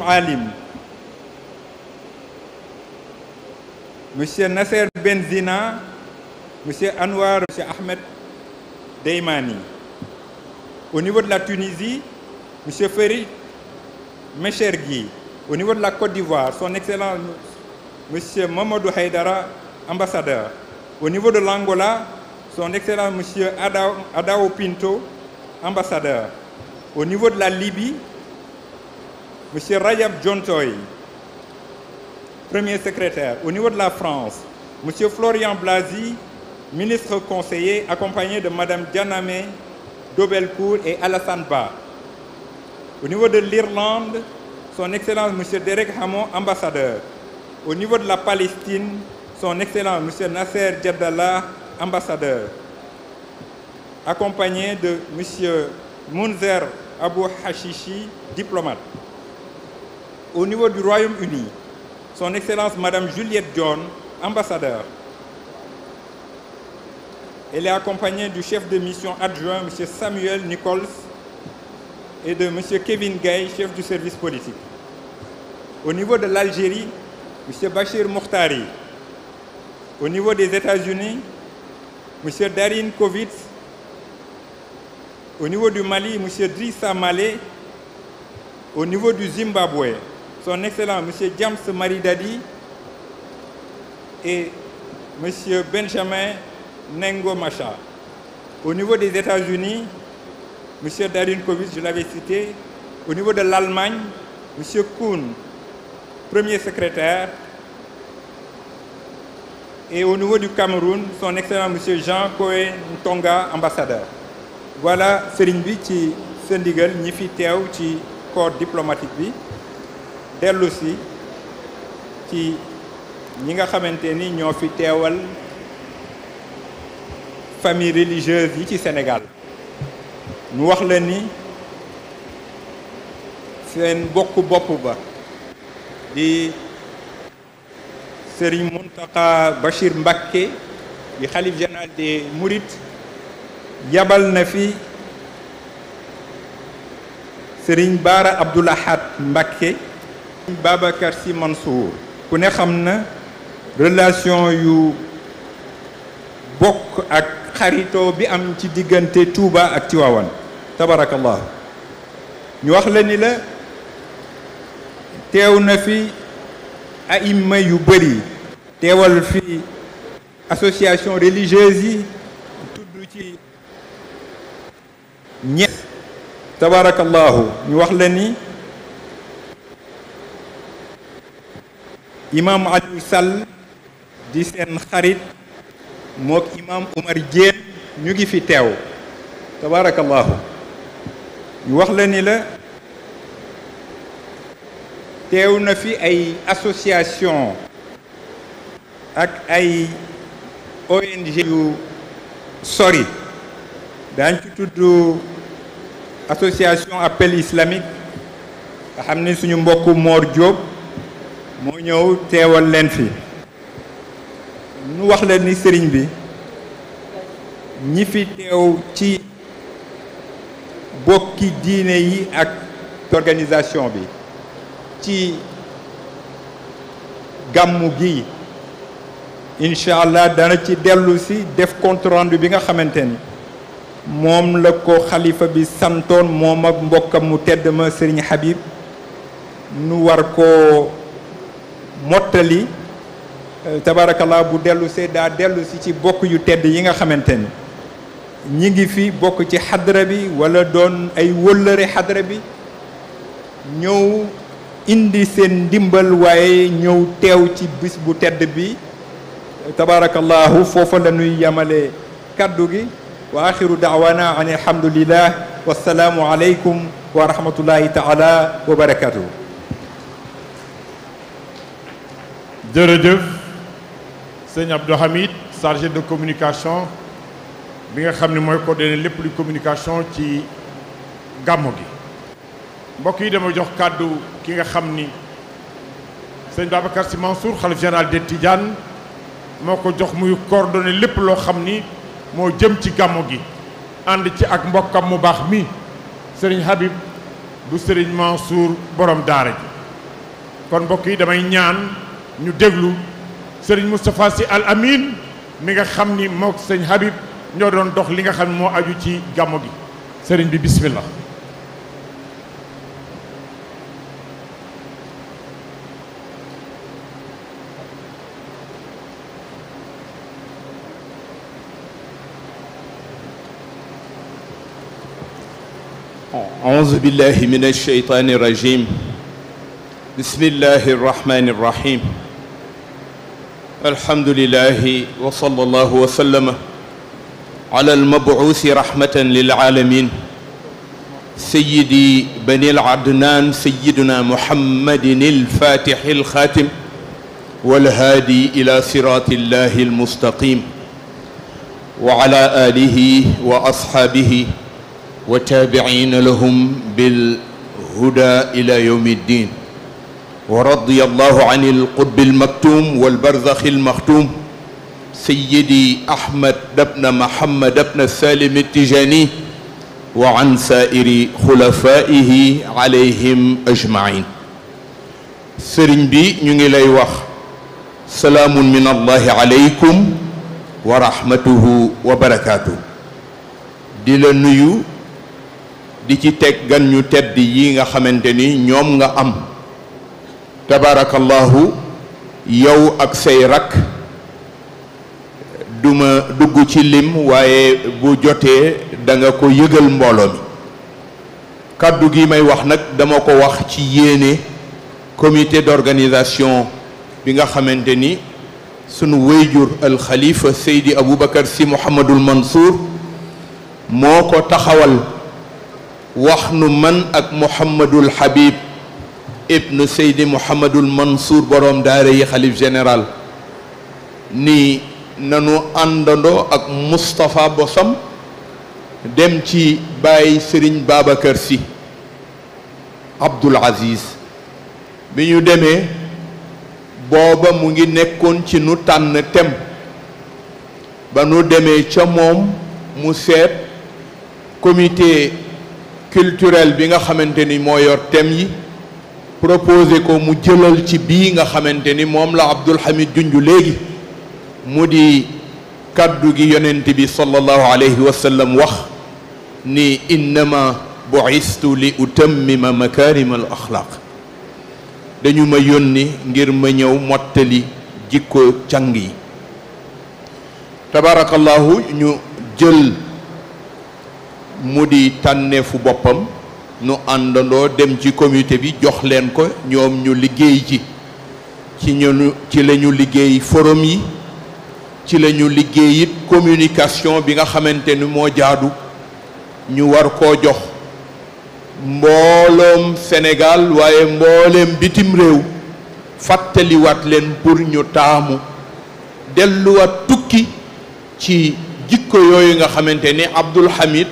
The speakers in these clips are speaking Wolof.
alim monsieur Nasser Benzina monsieur Anwar Ahmed Deimani au niveau de la Tunisie monsieur Ferry Mechergui au niveau de la Côte d'Ivoire son excellence monsieur Mamadou Haïdara ambassadeur au niveau de l'Angola son excellence monsieur Adao Pinto ambassadeur au niveau de la Libye Monsieur Rajab Jontoy, premier secrétaire. Au niveau de la France, Monsieur Florian Blasi, ministre conseiller, accompagné de Madame Dianame Dobelcourt et Alassane Ba. Au niveau de l'Irlande, son Excellence Monsieur Derek Hamon, ambassadeur. Au niveau de la Palestine, son Excellence Monsieur Nasser Djerdallah, ambassadeur. Accompagné de Monsieur Mounzer Abou Hashishi, diplomate. au niveau du Royaume-Uni, son Excellence Madame Juliette John, ambassadeur. Elle est accompagnée du chef de mission adjoint, M. Samuel Nichols, et de M. Kevin Gay, chef du service politique. Au niveau de l'Algérie, M. Bachir Mouhtari. Au niveau des États-Unis, M. Darin Kovitz. Au niveau du Mali, M. Drissa Malé. Au niveau du Zimbabwe, son excellent monsieur James Maridadi et monsieur Benjamin Nengo Macha. Au niveau des États-Unis, monsieur Darin Kovic, je l'avais cité. Au niveau de l'Allemagne, monsieur Kuhn, premier secrétaire. Et au niveau du Cameroun, son excellent monsieur Jean Koé Ntonga, ambassadeur. Voilà Serigne bi ci sa ndigal ñi fi teew ci corps diplomatique bi dellu ci ñi nga xamante ni ñoo fi teewal famille religieuse yi ci Sénégal ñu wax la ni seen bokku bopp ba di sëriñ Mountakha Bachir Mbacké di xalif général des Mourides yabal na fi sëriñ Bara Abdoul Ahad Mbacké Babacar si Mansour ku ne xam na relation yu bokk ak xarito bi am ci diggante tuuba ak Tiwaawan tabarakallah ñu wax la ni la teew na fi aïma yu bëri teewal fi association religieuse yi tudd ci ñe tabarakallahu ñu wax la ni imam Aliou Sall di seen xarit mook imam Omar Diène ñu ngi fi teew tabaarakallaahu ñu wax la ni la teew na fi ay association ak ay ONG yu sori daañ ci tudd association appel islamique nga xam ni suñu mbokk Mor Diop ñëw teewal leen fi nu wax leen ni sëriñ bi ñi fi teew ci bokki diine yi ak organisation bi ci gàmmu gi incha allah dana ci dellusi def compte bi nga xamante ni moom la ko xalifa bi santoon moom ak mbokkam mu tedd ma sëriñ Habib nu war ko mottali euh, tabaarakallaa bu dellu see daa dellu ci bokk yu tedd yi nga xamante ni ñi ngi fi bokk ci xadra bi walla doon ay wëllëre xadra bi ñëw indi seen ndimbal waaye ñëw teew ci bis bu tedd bi tabaarakallaahu foofa la ñuy yamale kaddu gi wa axiru daawana an alhamdulillah wassalaamu aleykum wa rahmatullahi taala wa barakatuhu jërëjëf sëñ Abdou Hamid chargé de communication bi nga xam ne mooy coordonné lépp lu communication ci gàmmu gi mbokk yi dama jox kàddu ki nga xam ni sëñ Babacar Sy Mansour xalif général des Tidianes moo ko jox muy coordonné lépp loo xam ni moo jëm ci gàmmu gi ànd ci ak mbokkam mu baax mi sëriñ Habib bu sëriñ Mansour borom daara ji kon mbokk yi damay ñaan ñu déglu sëriñ Moustapha Sy Al Amin mi nga xam ni mook sëñ Habib ñoo doon dox li nga xam ne moo aju ci gàmmu bi sëriñ bi bismillah أعوذ بالله من الشيطان الرجيم bismillahi irrahmani irrahim alhamdulilahi wasala allahu wasallama ala almabuusi rahmatan lilaalamin sayidi bani aladnaan sayiduna muhammadin alfatixi alxaatim walhaadi ila sirati illahi almustaqim wa ala alihi wa ashaabihi wa taabiciina lahum bilhuda ila yowmi ddin wa radiyallahu an al-qutbi al-maktum wal-barzakhi al-makhtum sayyidi Ahmad ibn Muhammad ibn Salim at-Tijani wa an saa'iri xulafaa'ihi alayhim ajma'iin sëriñ bi ñu ngi lay wax salaamun min allahi aleykum wa rahmatuhu wa barakaatu di la nuyu di ci teg gan ñu tedd yi nga xamante ni ñoom nga am tabaarakallaahu yow ak say rakk duma dugg ci lim waaye bu jotee da ko yëgal mbooloo mi kàddu gi may wax nag dama ko wax ci yéene comité d'organisation bi nga xamante ni sunu wéyjur alxalifa seydi aboubacar si mouhamadul mansour moo ko taxawal wax nu man ak mouhamadul habib ibnu seydi mouhamadul mansour borom daare yi xalif général ni nanu àndandoo ak moustapha bosam dem ci bàyyi sëriñ babacar si abdul aziz bi ñu demee booba mu ngi nekkoon ci nu tànn tem ba nu demee ca moom mu seet comité culturel bi nga xamante ni moo tem yi proposé ko mu jëlal ci bii nga xamante ni moom la Abdul Hamid junj léegi mu di kàddu gi yonent bi sallallahu alayhi wa sallam wax ni innama bu'istu li utammima makaarima al axlaaq dañu ma yónni ngir ma ñëw mottali jikko càng yi tabarakallahu ñu jël mu di tànneefu boppam nu àndandoo dem ci comité bi jox leen ko ñoom ñu liggéey ji ci ñu ci lañu liggéey forom yi ci lañu ñu liggéey it communication bi nga xamante ni moo jaadu ñu war koo jox mbooloom Sénégal waaye mbooleem bitim réew fàttaliwaat leen pour ñu taamu delluwaat tukki ci jikko yooyu nga xamante ni Abdul Hamid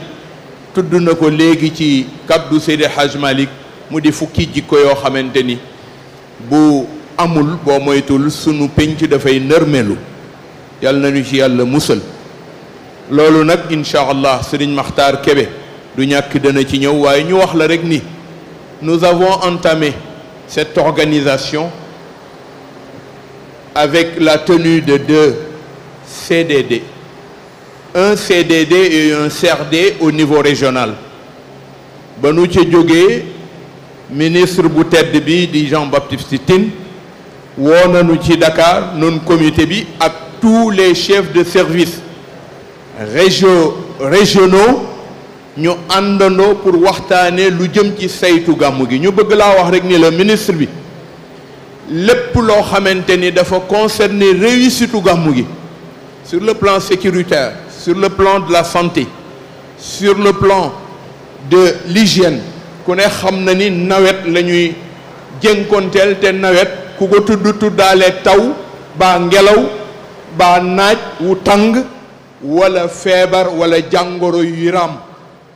tudd na ko léegi ci kàddu Seydi Hadj Malick mu di fukki jikko yoo xamante ni bu amul boo moytul sunu pénc dafay nërmelu yàlla nañu ci yàlla musal loolu nag incha allah Serigne Makhtar kebe du ñàkk dana ci ñëw waaye ñu wax la rek ni nous avons entamé cette organisation avec la tenue de deux CDD un CDD et un CRD au niveau régional ba nu ci jógee ministre bu tedd bi di Jean-Baptiste Tine woo nañu ci Dakar noonu comité bi ak tous les chefs de service région régionaux ñu àndandoo pour waxtaanee lu jëm ci saytu gàmmu gi ñu bëgg laa wax rek ni la ministre bi lépp loo xamante ni dafa concerner réussitu gàmmu gi sur le plan sécuritaire sur le plan de la santé sur le plan de l'hygiène ku ne xam na ni nawet la ñuy jënkonteel te nawet ku ko tudd tuddaale taw baa ngelaw baa naaj wu tàng wala feebar wala jàngoro yu raam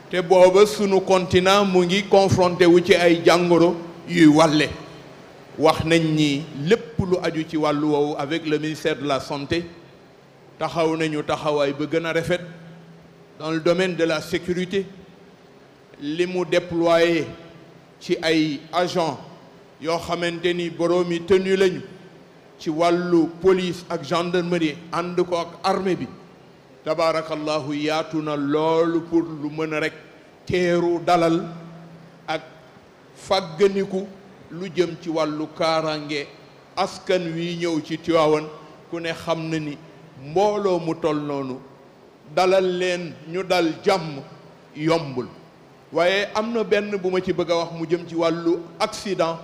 te booba sunu continent mu ngi confronté wu ci ay jàngoro yuy wàlle wax nañ ni lépp lu aju ci wàllu woowu avec le ministère de la santé taxaw nañu taxawaay ba gën a rafet dans le domaine de la sécurité li mu déployé ci ay agents yoo xamante ni boroomi tenue lañu ci wàllu police ak gendarmerie ànd ko ak armée bi tabaarakallahu yaatu na loolu pour lu mën a rek teeru dalal ak fàgganiku lu jëm ci wàllu kaarange askan wi ñëw ci Tiwaawan ku ne xam na ni mbooloo mu tol noonu dalal leen ñu dal jàmm yombul waaye am na benn bu ma ci bëgg a wax mu jëm ci wàllu accident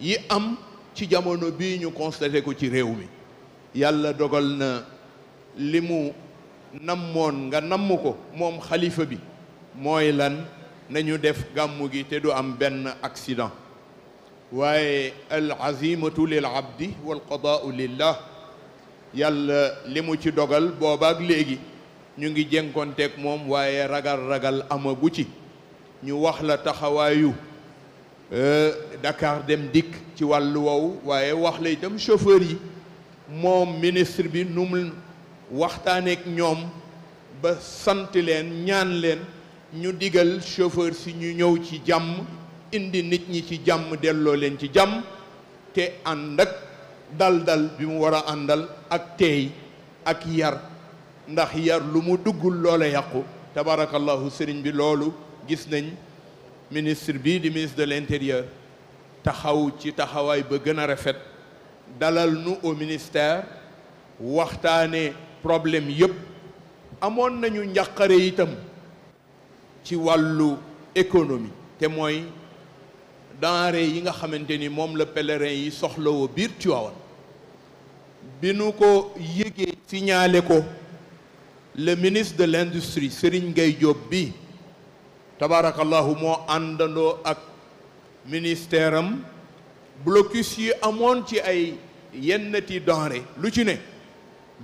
yi am ci jamono bii ñu constaté ko ci réew mi yàlla dogal na li mu nammoon nga namm ko moom xalifa bi mooy lan nañu def gàmmu gi te du am benn accident waaye al azimatu lil abdi wal qadaau lillah yàlla li mu ci dogal boobaak léegi ñu ngi jënkonteeg moom waaye ragal-ragal amagu ci ñu wax la taxawaayu euh, Dakar dem dikk ci wàllu wow waaye wax la itam chauffeur yi moom ministre bi nu mu waxtaaneek ñoom ba sant leen ñaan leen ñu digal chauffeur si ñu ñëw ci jàmm indi nit ñi ci jàmm delloo leen ci jàmm te ànd dal-dal bi mu war a àndal ak teey ak yar ndax yar lu mu duggul loola yàqu tabarakallahu sëriñ bi loolu gis nañ ministre bi di ministre de l'intérieur taxaw ci taxawaay ba gën a rafet dalal nu o ministère waxtaane problème yëpp amoon nañu njàqare itam ci wàllu économie te mooy denrée yi nga xamante ni moom la pèlerin yi soxlawoo biir Tivaouane bi nu ko yëgee signalé ko le ministre de l'industrie Serigne ngay Diop bi tabarakallahu moo àndandoo ak ministère am yi amoon ci ay yennati denrée lu ci ne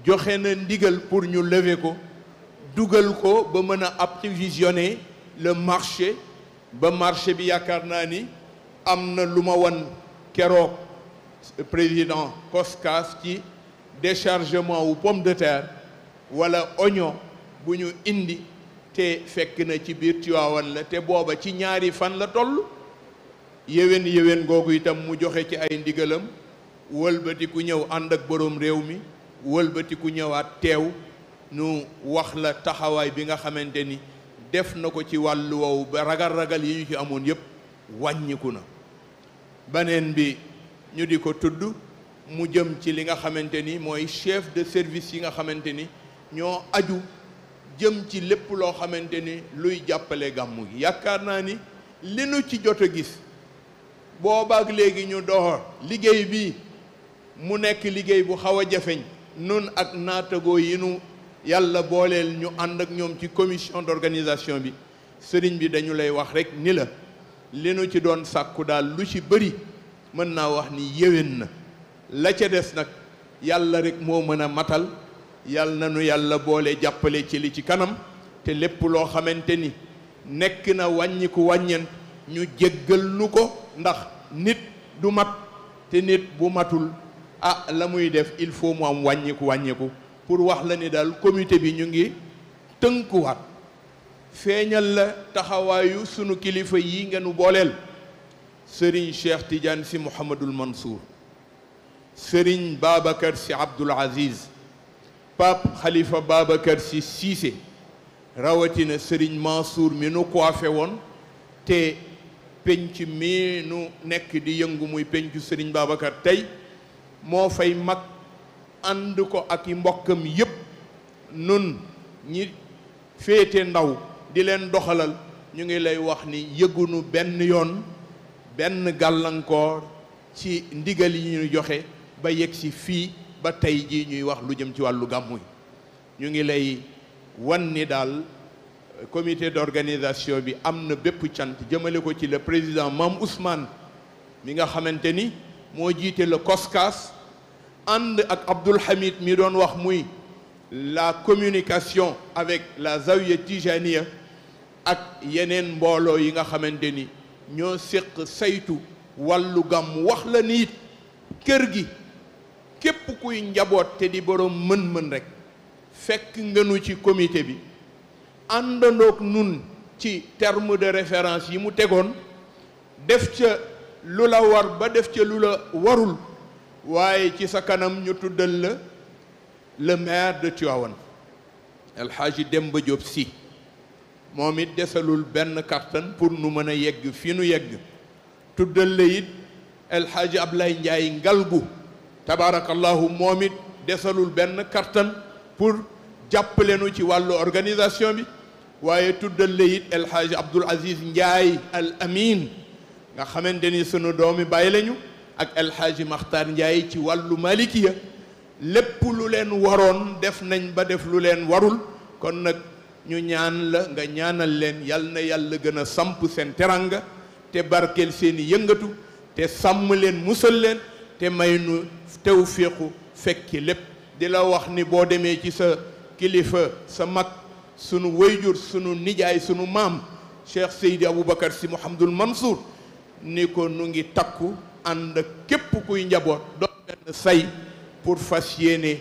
joxe na ndigal pour ñu lever ko dugal ko ba mën a approvisionner le marché ba marché bi yaakaar naa ni am na lu ma wan keroog président Koskas ci déchargement wu pomme de terre wala oignon bu ñu indi te fekk na ci biir Tiwaawan la te booba ci ñaari fan la toll yéwén yéwén googu itam mu joxe ci ay ndigalam wëlbati ku ñëw ànd ak boroom réew mi wëlbati ku ñëwaat teew ñu wax la taxawaay bi nga xamante ni def na ko ci wàll woowu ba ragal-ragal yi ñu ci amoon yépp wàññiku na beneen bi ñu di ko tudd mu jëm ci li nga xamante ni mooy chef de service yi nga xamante ni ñoo aju jëm ci lépp loo xamante ni luy jàppale gàmmu gi yaakaar naa ni li nu ci jot a gis boobaak léegi ñu doxor liggéey bi mu nekk liggéey bu xaw a jafeñ nun ak naatagoo yi nu yàlla booleel ñu ànd ak ñoom ci commission d'organisation bi sëriñ bi dañu lay wax rekk ni la li nu ci doon sàkku daal lu ci bëri mën naa wax ni yéwén na la ca des nag yàlla rek moo mën a matal yàlla na nu yàlla boole jàppale ci li ci kanam te lépp loo xamante ni nekk na wàññiku wàññeen ñu jéggal nu ko ndax nit du mat te nit bu matul ah la muy def il faut mu am wàññiku wàññiku pour wax la ni daal comité bi ñu ngi tënkuwaat feeñal la taxawaayu sunu kilifa yi ngeen booleel Serigne Cheikh Tidiane si Mouhamadul Mansour sëriñ Babacar si Abdoul Aziz Pape Khalifa Babacar si Cissé rawatina sëriñ Mansour mi nu coiffé woon te penc mi nu nekk di yëngu muy pencu sëriñ Babacar tey moo fay mag ànd ko ak i mbokkam yépp nun ñi féete ndaw di leen doxalal ñu ngi lay wax ni yëgunu benn yoon benn gàllankoor ci ndigal yi ñu joxe ba yegg ci fii ba tey jii ñuy wax lu jëm ci wàllu gàmmu ñu ngi lay wan ni daal euh, comité d'organisation bi am na bépp cant jëmale ko ci le président Mame Ousmane mi nga xamante ni moo jiite le COSCAS ànd ak Abdoul Hamid mi doon wax muy la communication avec la Zawiya Tijaniya ak yeneen mbooloo yi nga xamante ni ñoo séq saytu wàllu gàmm wax la nit kër gi képp kuy njaboot te di borom mën-mën rek fekk ngënu ci comité bi àndandoog nun ci terme de référence yi mu tegoon def ca lu la war ba def ca lu la warul waaye ci sa kanam ñu tuddal la le maire de Tivaouane El Hadji Demba Diop moom it desalul benn kattan pour nu mën a yegg fi nu yegg tuddal la it ab lay Ablaye ngal Ngalgu tabaarakallahu moom it desalul benn kattan pour jàpp leenu ci wàllu organisation bi waaye tuddal la it El Hadj Abdoul Aziz Ndiaye Al Amin nga xamante ni sunu doomi bàyyi lañu ak El Hadj Makhtar Ndiaye ci wàllu malikiya lépp lu leen waroon def nañ ba def lu leen warul kon nag ñu ñaan la nga ñaanal leen yal na yàlla gën a samp seen teranga te barkeel seeni yëngatu te sàmm leen musal leen te may nu tawféexu fekki lépp di la wax ni boo demee ci sa kilifa sa mag sunu wayjur sunu nijaay sunu maam Cheikh Seydi Aboubacar Sy Mouhamadoul Mansour ni ko nu ngi takku ànd képp kuy njaboot doon benn say pour fas yéene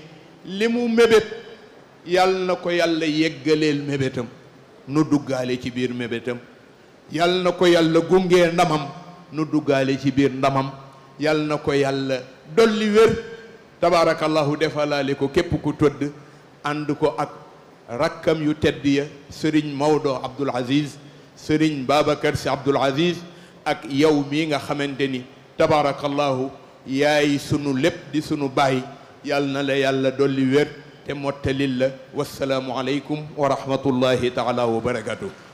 li mu mébét yàll na ko yàlla yeggaleel mébétam nu duggaale ci biir mébétam yàll na ko yàlla gunge ndamam nu duggaale ci biir ndamam yàll na ko yàlla dolli wér tabaarakallahu defalaale ko képp ku tëdd ànd ko ak rakkam yu tedd ya sëriñ Maodo Abdoul Aziz sëriñ Babacar si Abdoul Aziz ak yow mii nga xamante ni tabaarakallahu yaay sunu lépp di sunu baay yàlla na la yàlla dolli wér te mottalil la wasalaamu aleykum wa rahmatullahi taala wa barakatuh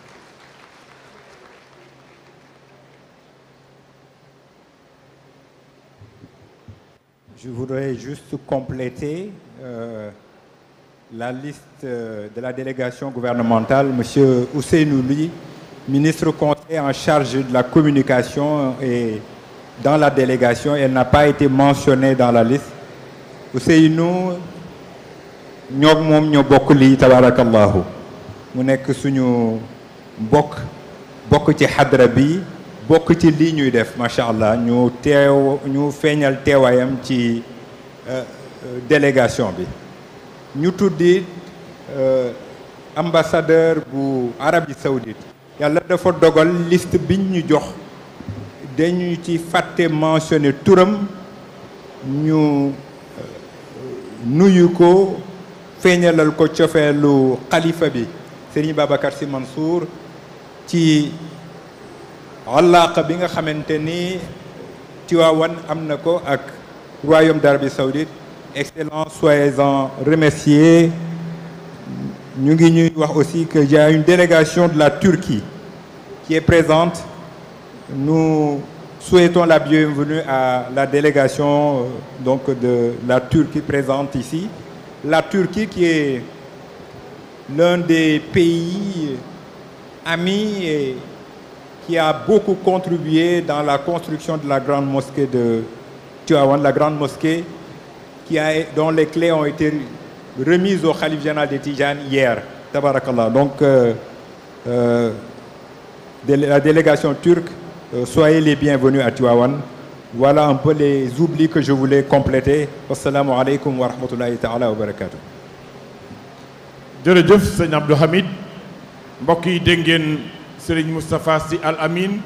Je voudrais juste compléter euh, la liste euh, de la délégation gouvernementale. Monsieur Ousseinou Ly, ministre conseiller en charge de la communication et dans la délégation, elle n'a pas été mentionnée dans la liste. Ousseinou ñoo moom ñoo bokk lii tabarakallahu mu nekk suñu mbokk bokk bokk ci lii ñuy def macha allah ñu teew ñu feeñal teewaayam ci euh, euh, délégation bi ñu tuddi euh, ambassadeur bu Arabie Saoudite yàlla dafa dogal liste biñ ñu jox dañu ci fàtte mentionné turam ñu nuyu ko feeñalal ko cofeelu xalifa bi Serigne Babacar Sy Mansour ci wallaaqa bi nga xamante ni Tiwaawan am na ko ak royaume d'Arabie saoudite excellence soyez-en remerciés ñu ngi ñuy wax aussi que y une délégation de la Turquie qui est présente nous souhaitons la bienvenue à la délégation euh, donc de la Turquie présente ici la Turquie qui est l'un des pays amis qui a beaucoup contribué dans la construction de la grande mosquée de Tuawan, la grande mosquée dont les clés ont été remises au Khalif général de Tijan hier. Tabarakallah. Donc, euh, euh, la délégation turque, euh, soyez les bienvenus à Tuawan. Voilà un peu les oublis que je voulais compléter. Assalamu alaikum wa rahmatullahi ta'ala wa barakatuh. jërëjëf sëñ Abdou Hamid mbokk yi dégg ngeen Serigne Moustapha Sy Al Amin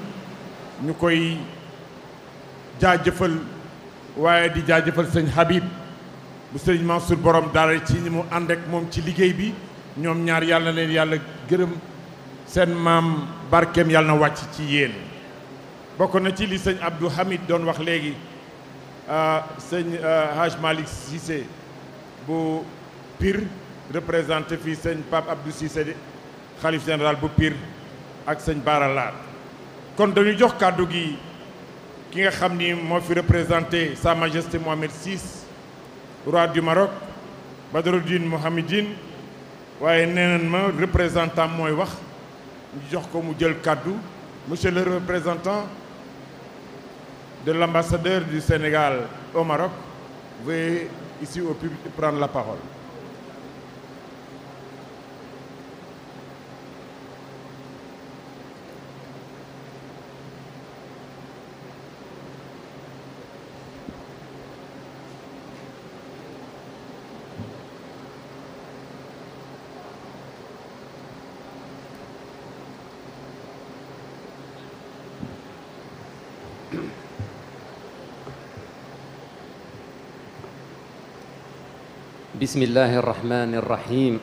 ñu koy jaajëfal waaye di jaajëfal sëñ Habib bu sëñ Mansour borom daara ci mu ànd moom ci liggéey bi ñoom ñaar yàlla na leen yàlla gërëm seen maam barkeem yàlla na wàcc ci yéen. bokk na ci li sëñ Abdou Hamid doon wax léegi ah, sëñ ah, Haj Malick Cissé bu piir représenté fii sëñ Pape Abdou Cissé xalif général bu Pire. ak sëñ Bara Laar kon dañu jox kàddu gi ki nga xam ni moo fi représenté sa majesté Mohamed VI roi du Maroc Badruddin Mohamedine waaye nee nañ ma représentant mooy wax ñu jox ko mu jël kàddu monsieur le représentant de l'ambassadeur du Sénégal au Maroc veuillez ici au public la parole بسم الله الرحمن الرحيم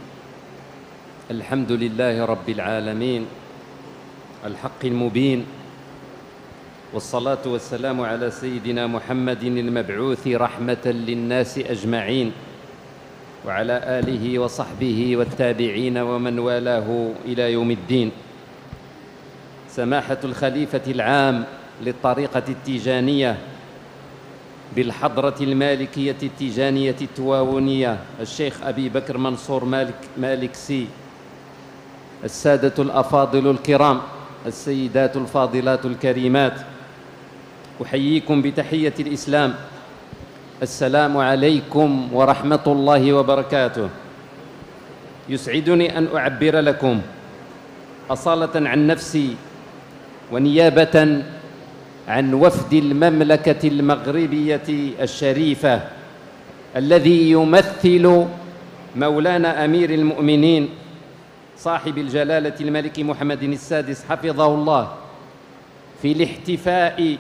الحمد لله رب العالمين الحق المبين والصلاة والسلام على سيدنا محمد المبعوث رحمة للناس أجمعين وعلى آله وصحبه والتابعين ومن والاه إلى يوم الدين سماحة الخليفة العام للطريقة التيجانية بالحضرة المالكية التيجانية التواونية الشيخ أبي بكر منصور مالك مالك سي السادة الأفاضل الكرام السيدات الفاضلات الكريمات أحييكم بتحية الإسلام السلام عليكم ورحمة الله وبركاته يسعدني أن أعبر لكم أصالة عن نفسي ونيابة عن وفد المملكة المغربية الشريفة الذي يمثل مولانا أمير المؤمنين صاحب الجلالة الملك محمد السادس حفظه الله في الاحتفاء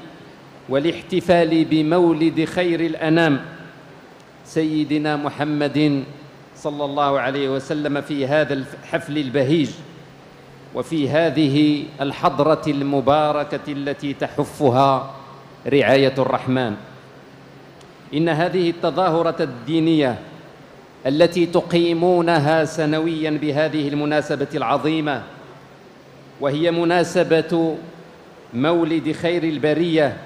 والاحتفال بمولد خير الأنام سيدنا محمد صلى الله عليه وسلم في هذا الحفل البهيج وفي هذه الحضرة المباركة التي تحفها رعاية الرحمن إن هذه التظاهرة الدينية التي تقيمونها سنويا بهذه المناسبة العظيمة وهي مناسبة مولد خير البرية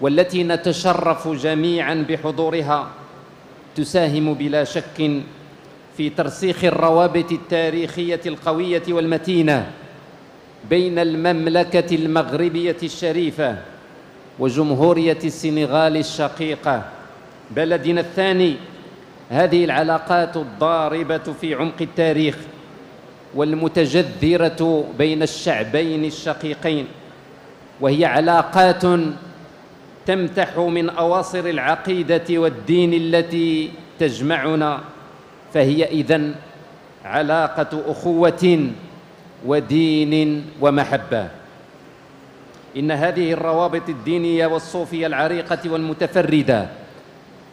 والتي نتشرف جميعا بحضورها تساهم بلا شك في ترسيخ الروابط التاريخية القوية والمتينة بين المملكة المغربية الشريفة وجمهورية السنغال الشقيقة بلدنا الثاني هذه العلاقات الضاربة في عمق التاريخ والمتجذرة بين الشعبين الشقيقين وهي علاقات تمتح من أواصر العقيدة والدين التي تجمعنا فهي إذن علاقة أخوة ودين ومحبة إن هذه الروابط الدينية والصوفية العريقة والمتفردة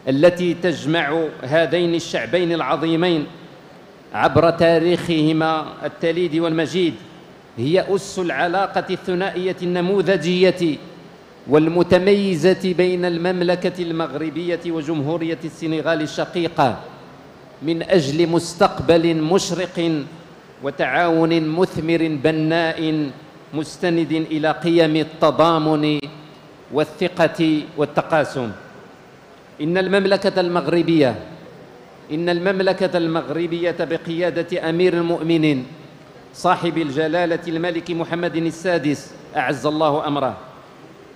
التي تجمع هذين الشعبين العظيمين عبر تاريخهما التليد والمجيد هي أس العلاقة الثنائية النموذجية والمتميزة بين المملكة المغربية وجمهورية السنغال الشقيقة من أجل مستقبل مشرق وتعاون مثمر بناء مستند إلى قيم التضامن والثقة والتقاسم إن المملكة المغربية إن المملكة المغربية بقيادة أمير المؤمنين صاحب الجلالة الملك محمد السادس أعز الله أمره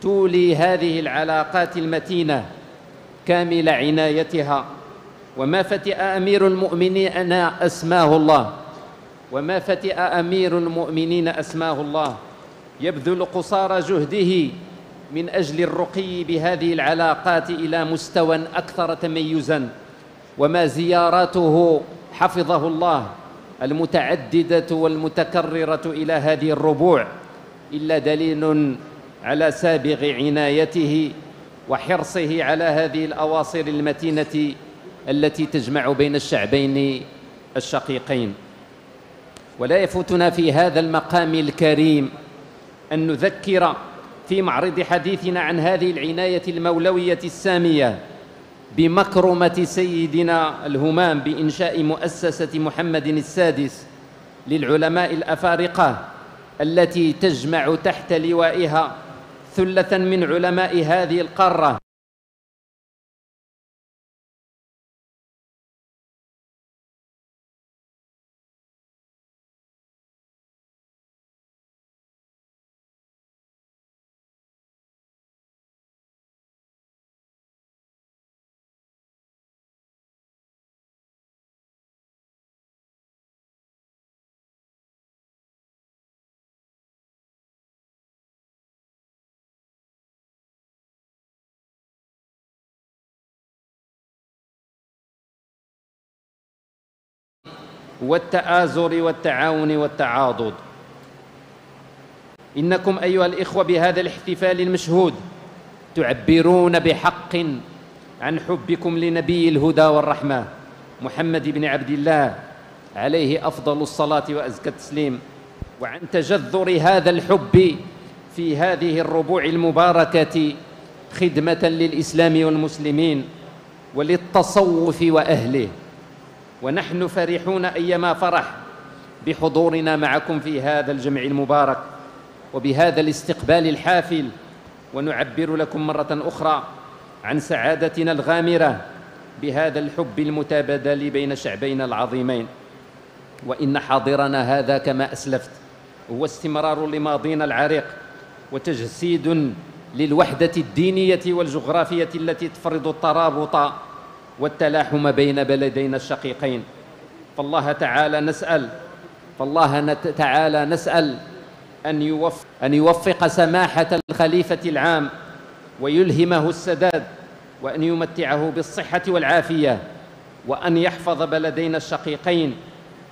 تولي هذه العلاقات المتينة كامل عنايتها وما فتئ أمير المؤمنين أنا أسماه الله وما فتئ أمير المؤمنين أسماه الله يبذل قصارى جهده من أجل الرقي بهذه العلاقات إلى مستوى أكثر تميزا وما زياراته حفظه الله المتعددة والمتكررة إلى هذه الربوع إلا دليل على سابغ عنايته وحرصه على هذه الأواصر المتينة التي تجمع بين الشعبين الشقيقين ولا يفوتنا في هذا المقام الكريم أن نذكر في معرض حديثنا عن هذه العناية المولوية السامية بمكرمة سيدنا الهمام بإنشاء مؤسسة محمد السادس للعلماء الأفارقة التي تجمع تحت لوائها ثلة من علماء هذه القارة والتآزر والتعاون والتعاضد إنكم أيها الإخوة بهذا الاحتفال المشهود تعبرون بحق عن حبكم لنبي الهدى والرحمة محمد بن عبد الله عليه أفضل الصلاة وأزكى التسليم وعن تجذر هذا الحب في هذه الربوع المباركة خدمة للإسلام والمسلمين وللتصوف وأهله ونحن فرحون أيما فرح بحضورنا معكم في هذا الجمع المبارك وبهذا الاستقبال الحافل ونعبر لكم مرة أخرى عن سعادتنا الغامرة بهذا الحب المتبادل بين شعبينا العظيمين وإن حاضرنا هذا كما أسلفت هو استمرار لماضينا العريق وتجسيد للوحدة الدينية والجغرافية التي تفرض الترابط والتلاحم بين بلدينا الشقيقين فالله تعالى نسأل فالله تعالى نسأل أن يوفق, أن يوفق سماحة الخليفة العام ويلهمه السداد وأن يمتعه بالصحة والعافية وأن يحفظ بلدينا الشقيقين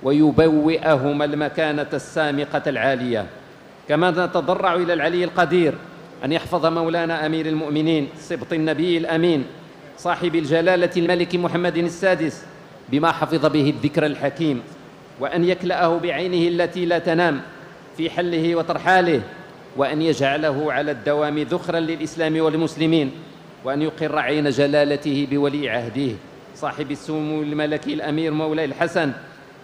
ويبوئهما المكانة السامقة العالية كما نتضرع إلى العلي القدير أن يحفظ مولانا أمير المؤمنين سبط النبي الأمين صاحب الجلالة الملك محمد السادس بما حفظ به الذكر الحكيم وأن يكلأه بعينه التي لا تنام في حله وترحاله وأن يجعله على الدوام ذخرا للإسلام والمسلمين وأن يقر عين جلالته بولي عهده صاحب السمو الملكي الأمير مولاي الحسن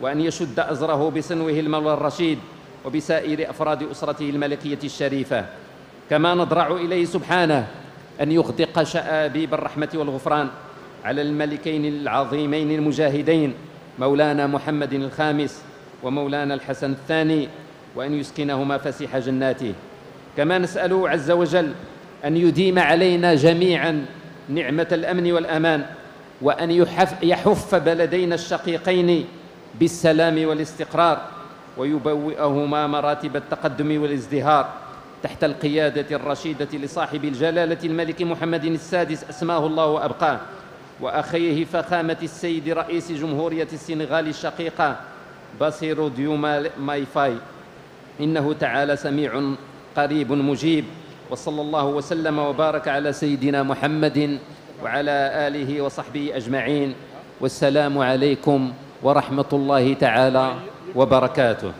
وأن يشد أزره بسنوه المولى الرشيد وبسائر أفراد أسرته الملكية الشريفة كما نضرع إليه سبحانه أن يغدق شآبيب الرحمة والغفران على الملكين العظيمين المجاهدين مولانا محمد الخامس ومولانا الحسن الثاني وأن يسكنهما فسيح جناته كما نسأله عز وجل أن يديم علينا جميعا نعمة الأمن والأمان وأن يحف بلدينا الشقيقين بالسلام والاستقرار ويبوئهما مراتب التقدم والازدهار تحت القيادة الرشيدة لصاحب الجلالة الملك محمد السادس أسماه الله وأبقاه وأخيه فخامة السيد رئيس جمهورية السنغال الشقيقة بصير ديوما مايفاي إنه تعالى سميع قريب مجيب وصلى الله وسلم وبارك على سيدنا محمد وعلى آله وصحبه أجمعين والسلام عليكم ورحمة الله تعالى وبركاته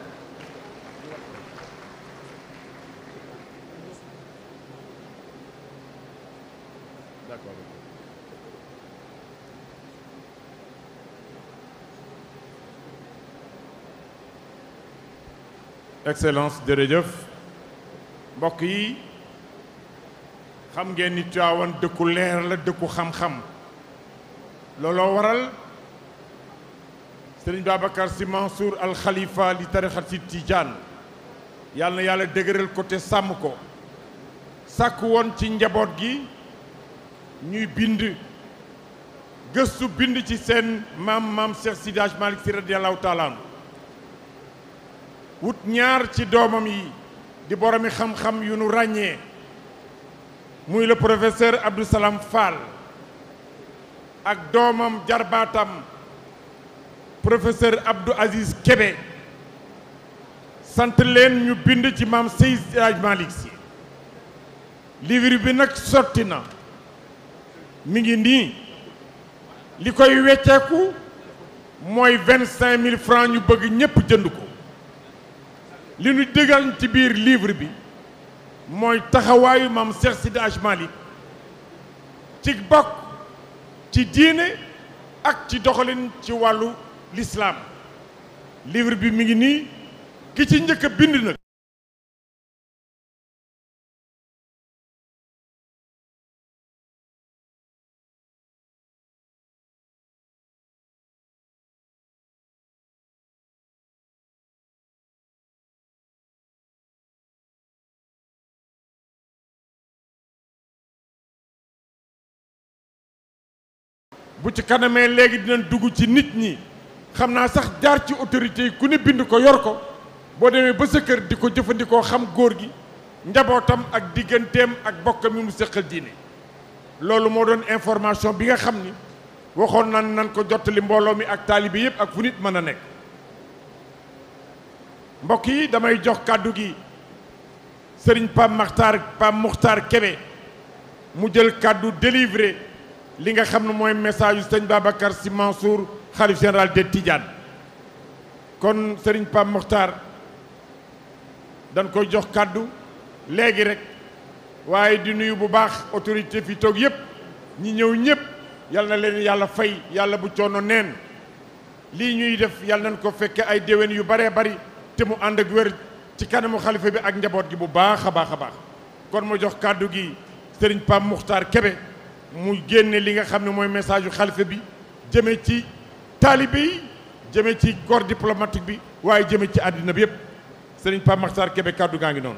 excellence jërëjëf mbokk yi xam ngeen ni Tiwaawan dëkku leer la dëkku xam-xam looloo waral sëriñ Babacar Sy Mansour li tarixat si Tijaan yàlla yàlla dëgëral ko te sàmm ko sàkk woon ci njaboot gi ñuy bind gëstu bind ci seen maam maam Cheikh Sidi Hadj Malick Sy radiyallahu taala wut ñaar ci doomam yi di boromi xam-xam yu nu ràññee muy le professeur Abdou Salam ak doomam jarbaatam professeur abdu Aziz Kébé sant leen ñu bind ci maam Seydi Hadji Malick Sy bi nag sotti na mi ngi nii li koy wecceeku mooy vingt cinq mille francs ñu bëgg ñépp jënd ko li nu dëggal ci biir livre bi mooy taxawaayu maam Cheikh Sidi Aj Malick ci bokk ci diine ak ci doxalin ci wàllu lislaam livre bi mu ngi nii ki ci njëkk a bind nag bu ci kanamee léegi dinañ dugg ci nit ñi xam naa sax jaar ci autorité yi ku ne bind ko yor ko boo demee ba sa kër di ko jëfandikoo xam góor gi njabootam ak digganteem ak bokkam yi mu sëqal diine loolu moo doon information bi nga xam ni waxoon nan nan ko jottali mbooloo mi ak taalibe yëpp ak fu nit mën a nekk mbokk yi damay jox kàddu gi sëriñ Pam Maxtaar Pam Muxtaar Kebe mu jël kàddu délivré li nga xam ne mooy message yu sëñ Babacar Sy Mansour xalif général de Tidiane kon sëriñ Pape Mokhtar dañ koy jox kàddu léegi rek waaye di nuyu bu baax autorité fi toog yépp ñi ñëw ñépp yal na leen yàlla fay yàlla bu coono neen lii ñuy def yàlla nañ ko fekke ay déwén yu baree bari te mu ànd ak wér ci kanamu xalifa bi ak njaboot gi bu baax a baax a baax kon ma jox kàddu gi sëriñ Pape Mokhtar Kébé mu génne li nga xam ne mooy message yu bi jëme ci taalibe yi jëme ci corps diplomatique bi waaye jëme ci àddina bi yëpp sëriñ Pape Makhtar Kébé kàddu gaa ngi noonu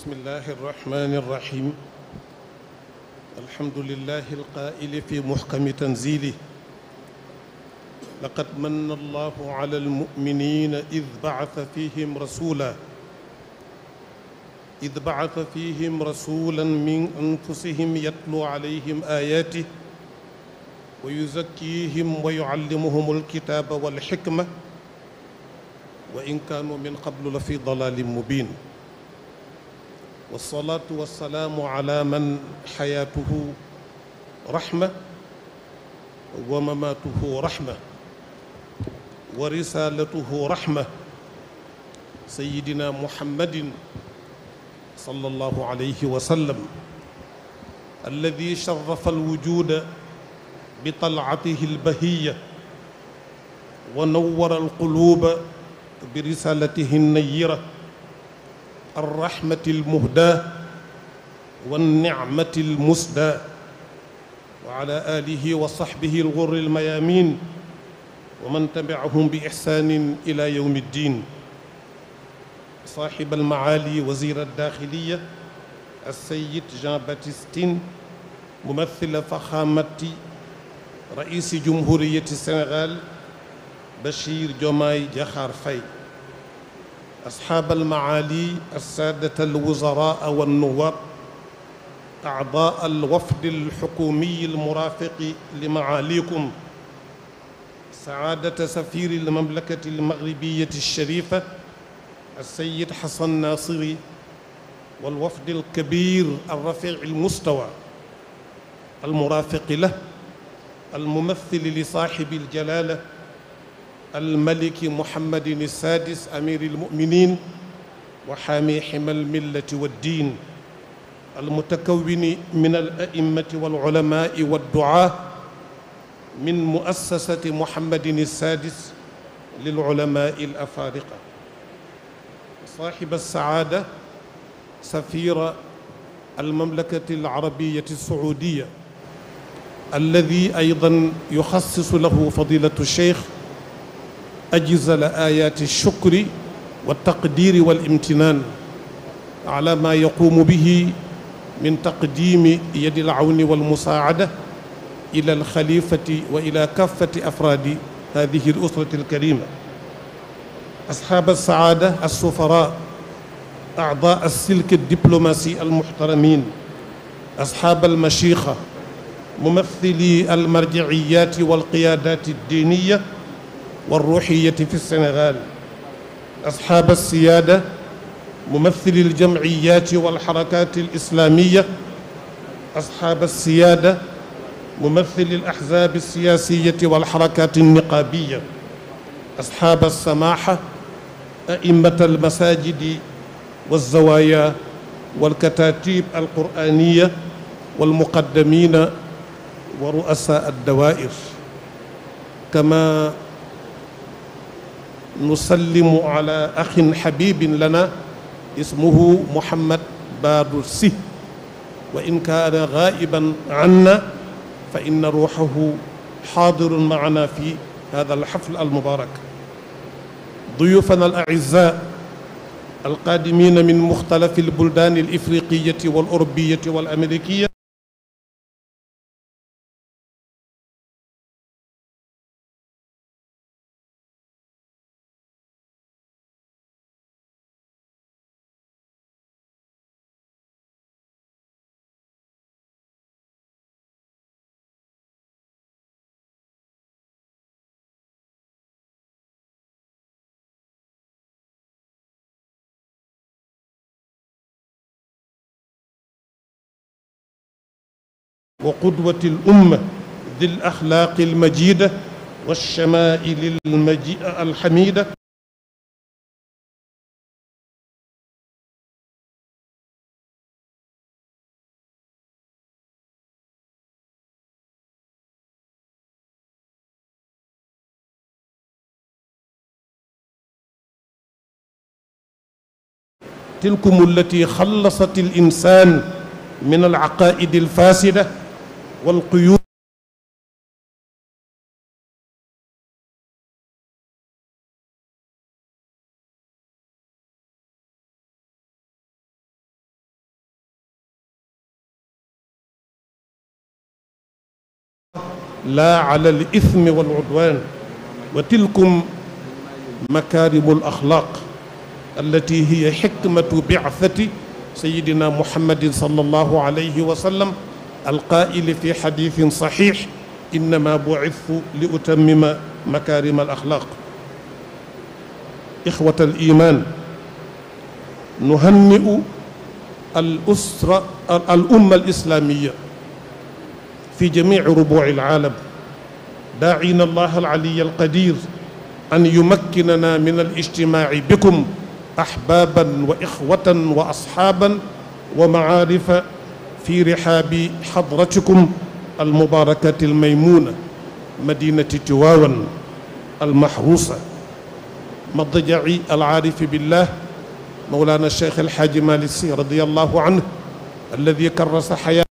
bismillahi arrahmani irrahim alhamdulilahi alqaili fi muxkami tanzili laqad manna allahu ala almuminina id bacata fihim rasula id bacata fihim rasulan min anfusihim yatlu alayhim ayatih wa yuzakkihim wa yuallimuhum alkitaba walxikma wa in kaanu min qablu la fi dalalin mubin wasalaatu wasalaamu ala man xayaatuhu raxma wa mamaatuhu raxma wa risaalatuhu raxma sayidina muhammadin sallallahu alayhi wa sallam alladi sharafa alwujuda bi talcatihi albahiya wa nawwara alquluuba bi risaalatihi annayira alrahmati almuhda wannicmati almusda wa ala alihi wa saxbihi algurri almayamin wa man tabiahum bi ixsanin ila yowmi ddin saaxib almaali wazir aldaaxiliya alsayid Jean Baptistine mumathila faxaamati raisi jumhuriyati Sénégal Bachir Diomaye Diakhar Faye أصحاب المعالي السادة الوزراء والنواب أعضاء الوفد الحكومي المرافق لمعاليكم سعادة سفير المملكة المغربية الشريفة السيد حسن ناصري والوفد الكبير الرفيع المستوى المرافق له الممثل لصاحب الجلاله الملك محمد السادس أمير المؤمنين وحامي حمى الملة والدين المتكون من الأئمة والعلماء والدعاة من مؤسسة محمد السادس للعلماء الأفارقة صاحب السعادة سفير المملكة العربية السعودية الذي أيضا يخصص له فضيلة الشيخ ajzala ayaati shukri wa taqdiri wal imtinaan ala ma yaquumu bihi min taqdiimi yadi alawni wal musaacada ila alxalifati wa ila kaafati afraadi hadihi alusrati alkarima asxaab alsacaada alsufara acdaa alsilk aldiplomaasi almuxtaramin asxaab almashiixa mumathili almarjiciyaati walqiyaadaati addiiniya والروحية في السنغال أصحاب السيادة ممثلي الجمعيات والحركات الإسلامية أصحاب السيادة ممثلي الأحزاب السياسية والحركات النقابية أصحاب السماحة أئمة المساجد والزوايا والكتاتيب القرآنية والمقدمين ورؤساء الدوائر كما nusallimu ala axin xabibin lana ismuhu muhammad baadu si wa in kaana gaa'iban anna fa inna ruuxahu xaadirun maana fi hada alxafl almubaarak duyuufana alaizaa alqaadimiina min muxtalafi albuldaan alifriqiyati wal urubiyati wal amerikiyati wa qudwati al umma di l axlaaqi al majida wa shamaa'ili al xamida tilkum allati xallasat al insaan min al aqaaidi al faasida wal quyuud laa ala al ismi wal udwaan wa tilkum makaarimul axlaaq allati hiya xikmatu bi'sati sayyidina muhammadin sallallahu alayhi wa sallam alqaa'ili fi xadiisin saxiix innama bu'ithtu li utammima makaarima al axlaaq ixwata al iimaan nuhanni'u al usra al umma al islaamiyya fi jamiici rubuuci al caalam daaciina allaha al caliyya al qadiir an yumakkinana min al ijtimaaci bikum axbaaban wa ixwatan wa asxaaban wa macaarifa fi rihaabi xadratikum almubarakati almaymuuna madinati tiwaawan almahruusa madjaci alaarifi billah mawlaana cheikh alxaaji malik si radiallahu anhu alladi karrasa xayaa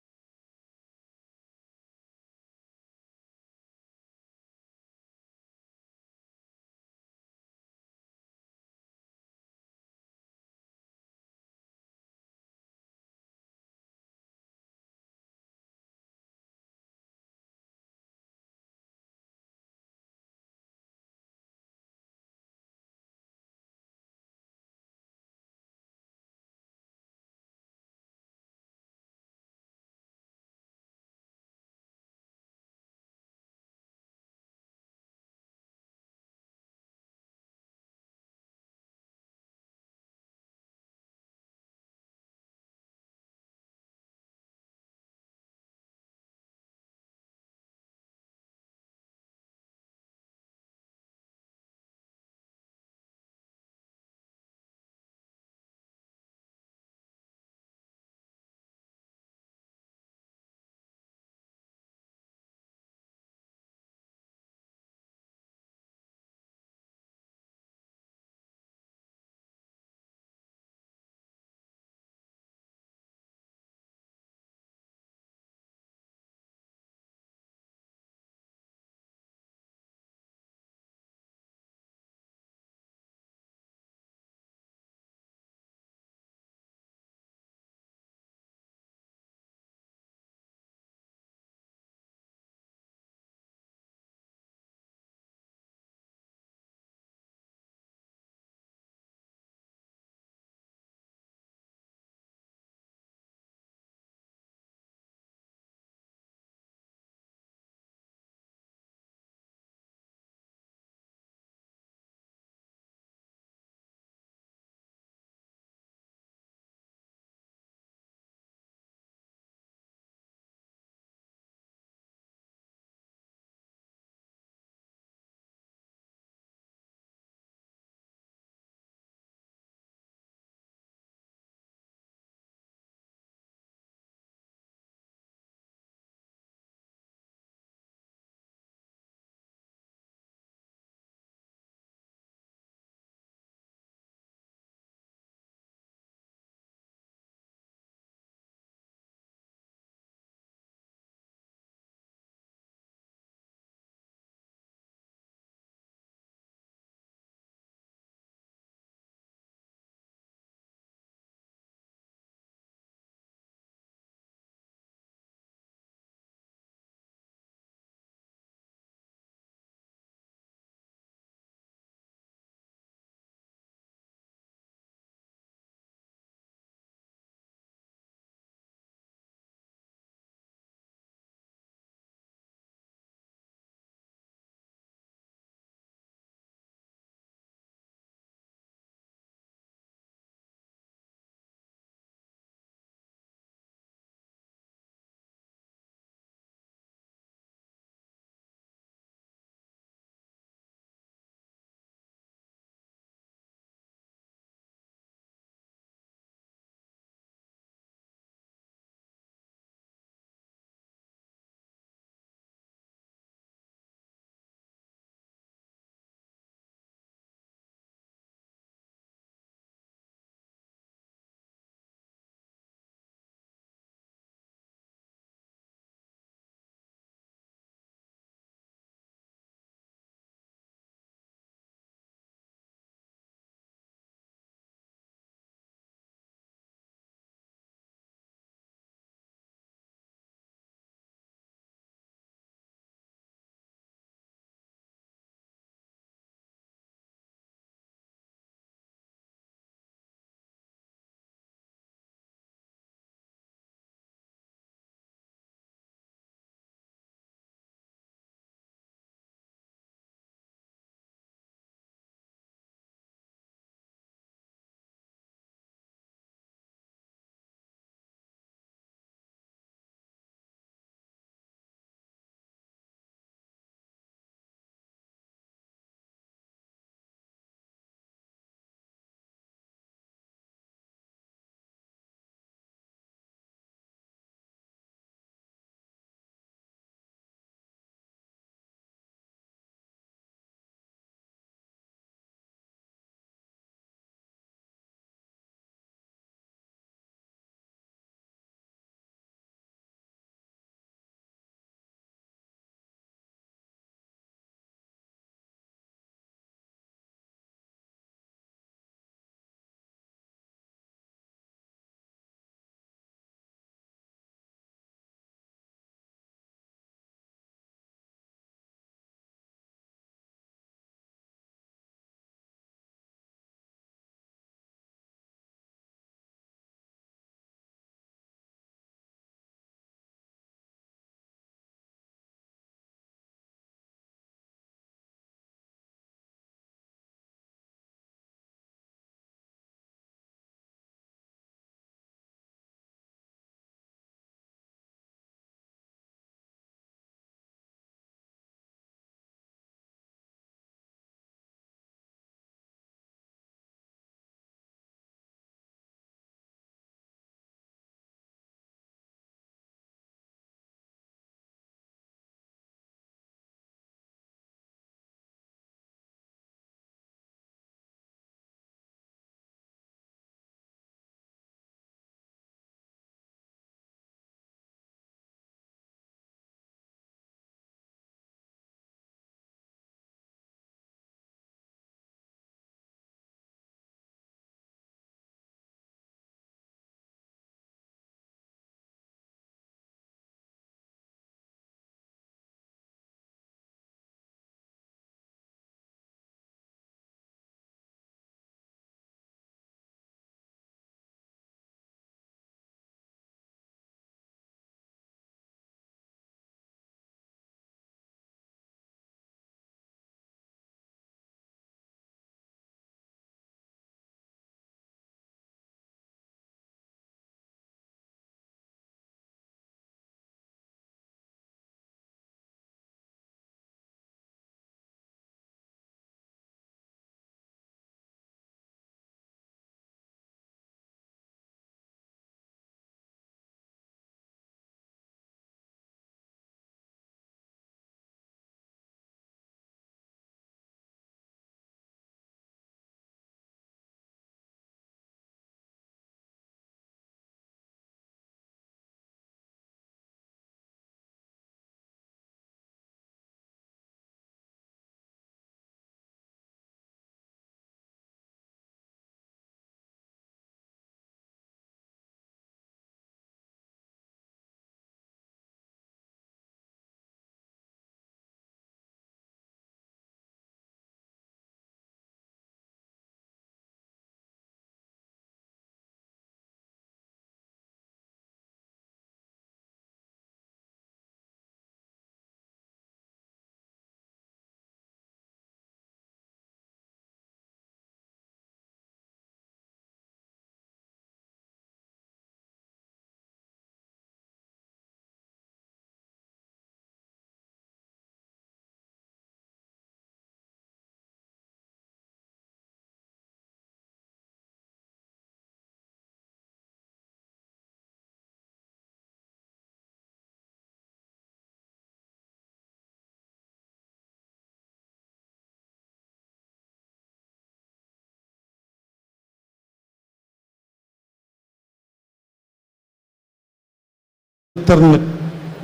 internet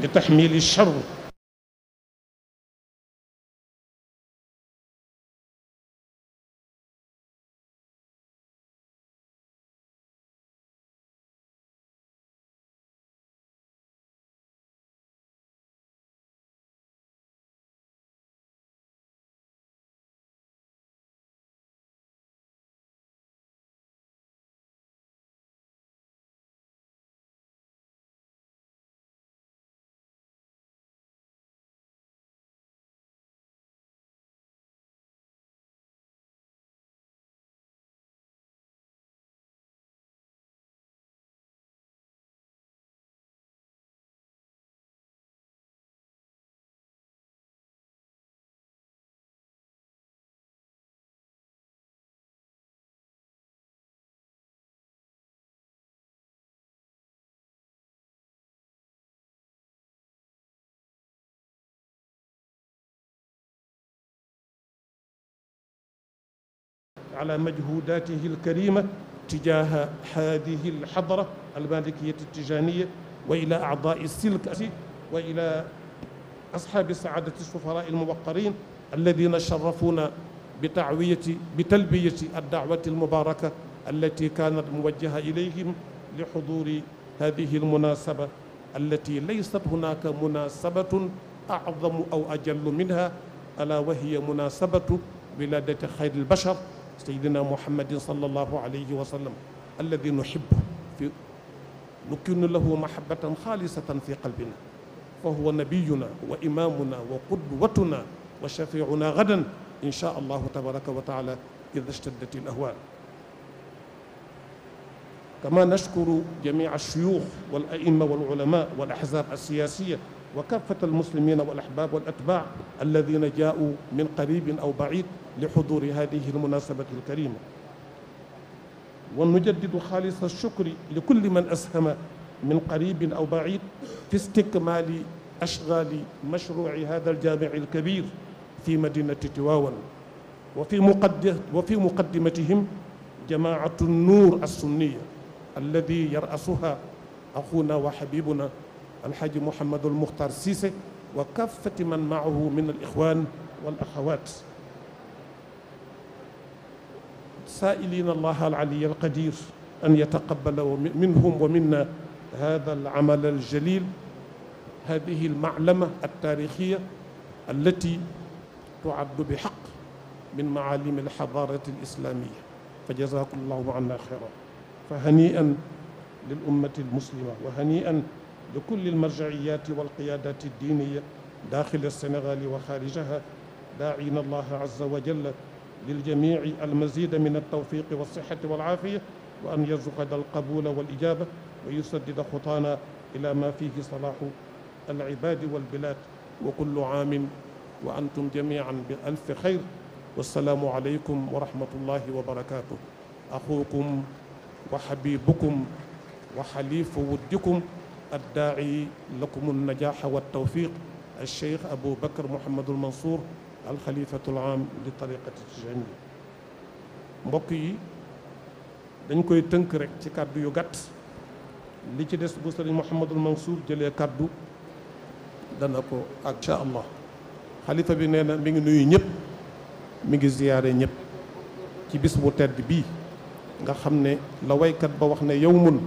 li taxmili charr على مجهوداته الكريمة تجاه هذه الحضرة المالكية التجانية وإلى أعضاء السلك وإلى أصحاب سعادة السفراء الموقرين الذين شرفونا بتعوية بتلبية الدعوة المباركة التي كانت موجهة إليهم لحضور هذه المناسبة التي ليست هناك مناسبة أعظم أو أجل منها ألا وهي مناسبة ولادة خير البشر sayyidina muhammadin sallallahu alayhi wa sallam alladi nuhibbu fi nukinu lahu mahabbatan xaalisatan fi qalbina fa huwa nabiyuna wa imaamuna wa qudwatuna wa shafiuna gadan insha allahu tabaraka wa taala ida shtaddat il ahwal kama nashkuru jamia alshuyuux wal aima wal ulama wal ahzab alsiyaasiya وكافة المسلمين والأحباب والأتباع الذين جاءوا من قريب أو بعيد لحضور هذه المناسبة الكريمة ونجدد خالص الشكر لكل من أسهم من قريب أو بعيد في استكمال أشغال مشروع هذا الجامع الكبير في مدينة تواون وفي وفي مقدمتهم جماعة النور السنية الذي يرأسها أخونا وحبيبنا alhaji mouhamadul mukhtar Cissé wa kaffati man maahu min al ixwan wal axawat saa'iliina allaha al aliyya al qadir an yataqabbala minhum wa minna hada al amal al jalil hadihi al ma'lama al taarixiya allati tu'addu bi haqq min ma'alimi al xadaarati al islamiyya fa jazaakum allahu anna xayran fa hanii'an lil ummati al muslima wa hanii'an بكل المرجعيات والقيادات الدينية داخل السنغال وخارجها داعين الله عز وجل للجميع المزيد من التوفيق والصحة والعافية وأن يرزقنا القبول والإجابة ويسدد خطانا إلى ما فيه صلاح العباد والبلاد وكل عام وأنتم جميعا بألف خير والسلام عليكم ورحمة الله وبركاته أخوكم وحبيبكم وحليف ودكم addaa'i lakum alnajaha wa altawfiq alcheikh abou bakar mouhamadul mansour alxalifatul am li tariqati tijani mbokk yi dañ koy tënk rek ci kàddu yu gàtt li ci des bu sëriñ mouhamadul mansour jëlee kàddu dana ko ak incha allah xalifa bi nee na mi ngi nuyu ñëpp mu ngi ziyaare ñëpp ci bis bu tedd bii nga xam ne lawaykat waykat ba wax ne yow mun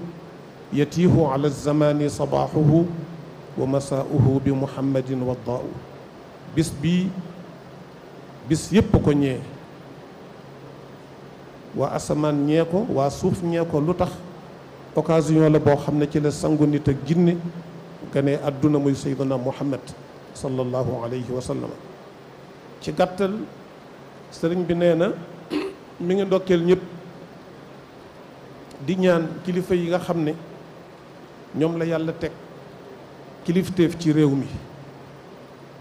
yatiihu ala zamani sabaaxuhu wa masaa'uhu bi muhammadin waddaau bis bii bis yépp ko ñee waa asamaan ñee ko waa suuf ñee ko lu tax occasion la boo xam ne ci la sangu nit ak jinne gane àdduna muy sayduna muhammad sallallahu alayhi wa sallam ci gàttal sëriñ bi nee na mi ngi ndokkeel ñëpp di ñaan kilifa yi nga xam ne ñoom la yàlla teg kilifteef ci réew mi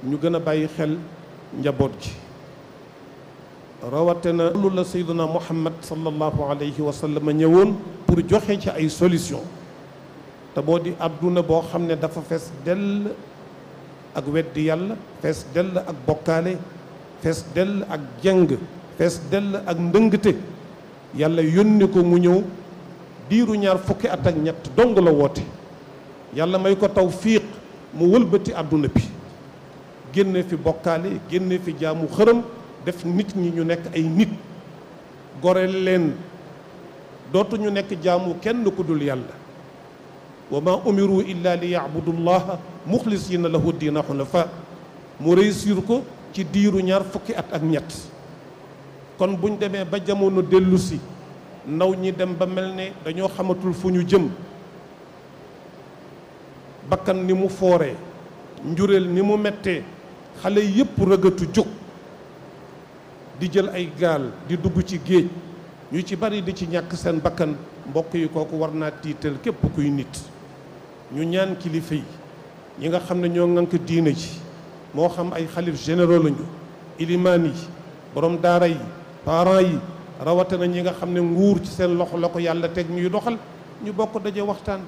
ñu gën a bàyyi xel njaboot gi rawatina loolu la sayduna muhammad sallallahu alayhi wa sallam ñëwoon pour joxe ci ay solution te boo di àdduna boo xam ne dafa fees dell ak weddi yàlla fees dell ak bokkaale fees dell ak jeng fees dell ak ndëngte yàlla yónni ko mu ñëw diiru ñaar fukki at ak ñett dong la woote yàlla may ko tawfiq mu wëlbati àdduna bi génne fi bokkaale génne fi jaamu xërëm def nit ñi ñu nekk ay nit gore leen dootuñu nekk jaamu kenn ku dul yàlla wa ma umiru illa li yaabudu llaha muxlisina lahu diina xunafa mu réussir ko ci diiru ñaar fukki at ak ñett kon buñ demee ba jamono dellusi ndaw ñi dem ba mel ne dañoo xamatul fu ñu jëm bakkan ni mu fooree njureel ni mu mettee xale yëpp rëgatu jóg di jël ay gaal di dugg ci géej ñu ci bari di ci ñàkk seen bakkan mbokk yi kooku war naa tiital képp kuy nit ñu ñaan kilifa yi ñi nga xam ne ñoo ŋànk diine ji moo xam ay xalif généraux lañu ilimaan yi borom daara yi parents yi rawatina ñi nga xam ne nguur ci seen loxo la ko yàlla teg ñuy doxal ñu bokk daje waxtaan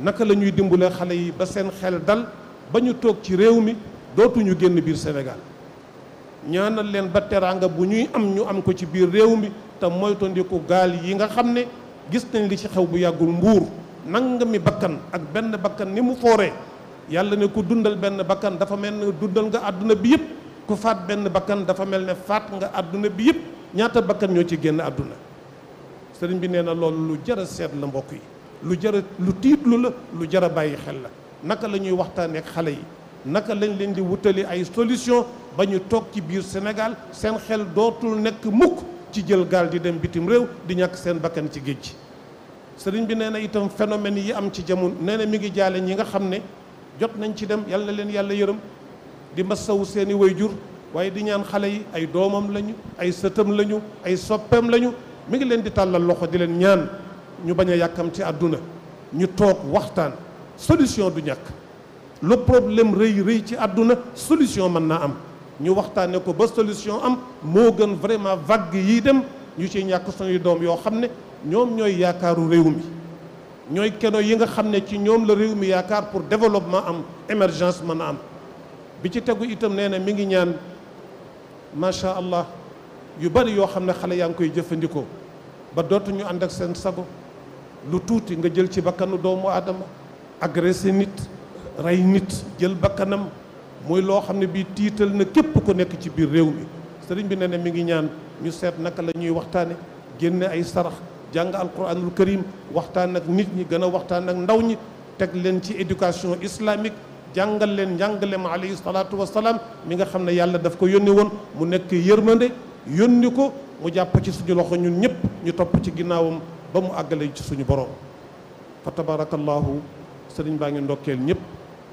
naka lañuy ñuy dimbale xale yi ba seen xel dal ba ñu toog ci réew mi dootuñu génn biir Sénégal ñaanal leen ba teraanga bu ñuy am ñu am ko ci biir réew mi te moytandiku gaal yi nga xam ne gis nañ li ci xew bu yàggul mbuur mi bakkan ak benn bakkan ni mu fooree yàlla ne ku dundal benn bakkan dafa mel ne dundal nga àdduna bi yëpp ku faat benn bakkan dafa mel ne faat nga àdduna bi yëpp ñaata bakkan ñoo ci génn àdduna sëriñ bi nee na loolu lu jar a seet la mbokk yi lu jar a lu tiitlu la lu jar a bàyyi xel la naka la ñuy waxtaanee xale yi naka lañ leen di wutali ay solution ba ñu toog ci biir Sénégal seen xel dootul nekk mukk ci jël gaal di dem bitim réew di ñàkk seen bakkan ci géej gi sëriñ bi nee na itam phénomène yi am ci jamono nee na mi ngi jaale ñi nga xam ne jot nañ ci dem yal na leen yàlla yërëm di ma seen seeni way jur waaye di ñaan xale yi ay doomam lañu ay sëtam lañu ay soppeem lañu mu ngi leen di tàllal loxo di leen ñaan ñu bañ a yàkkam ci àdduna ñu toog waxtaan solution du ñàkk lu problème rëy rëy ci àdduna solution mën naa am ñu waxtaanee ko ba solution am moo gën vraiment vague yii dem ñu ci ñàkk suñuy doom yoo xam ne ñoom ñooy yaakaaru réew mi ñooy keno yi nga xam ne ci ñoom la réew mi yaakaar pour développement am émergence mën a am bi ci tegu itam nee na mi ngi ñaan macha allah yu bari yoo xam ne xale yaa ngi koy jëfandikoo ba dootuñu ànd ak seen sago lu tuuti nga jël ci bakkanu doomu aadama agressé nit rey nit jël bakkanam mooy loo xam ne bii tiital na képp ku nekk ci biir réew mi sëriñ bi ne ne mi ngi ñaan ñu seet naka la ñuy waxtaane génne ay sarax jàng alquranul karim waxtaan ak nit ñi gën a waxtaan ak ndaw ñi teg leen ci éducation islamique jàngal leen njàngalem alayhi salaatu wasalaam mi nga xam ne yàlla daf ko yónni woon mu nekk yërmande yónni ko mu jàpp ci suñu loxo ñun ñëpp ñu topp ci ginnaawam ba mu àggale ci suñu borom fa tabarakallahu sëriñ baa ngi ndokkeel ñëpp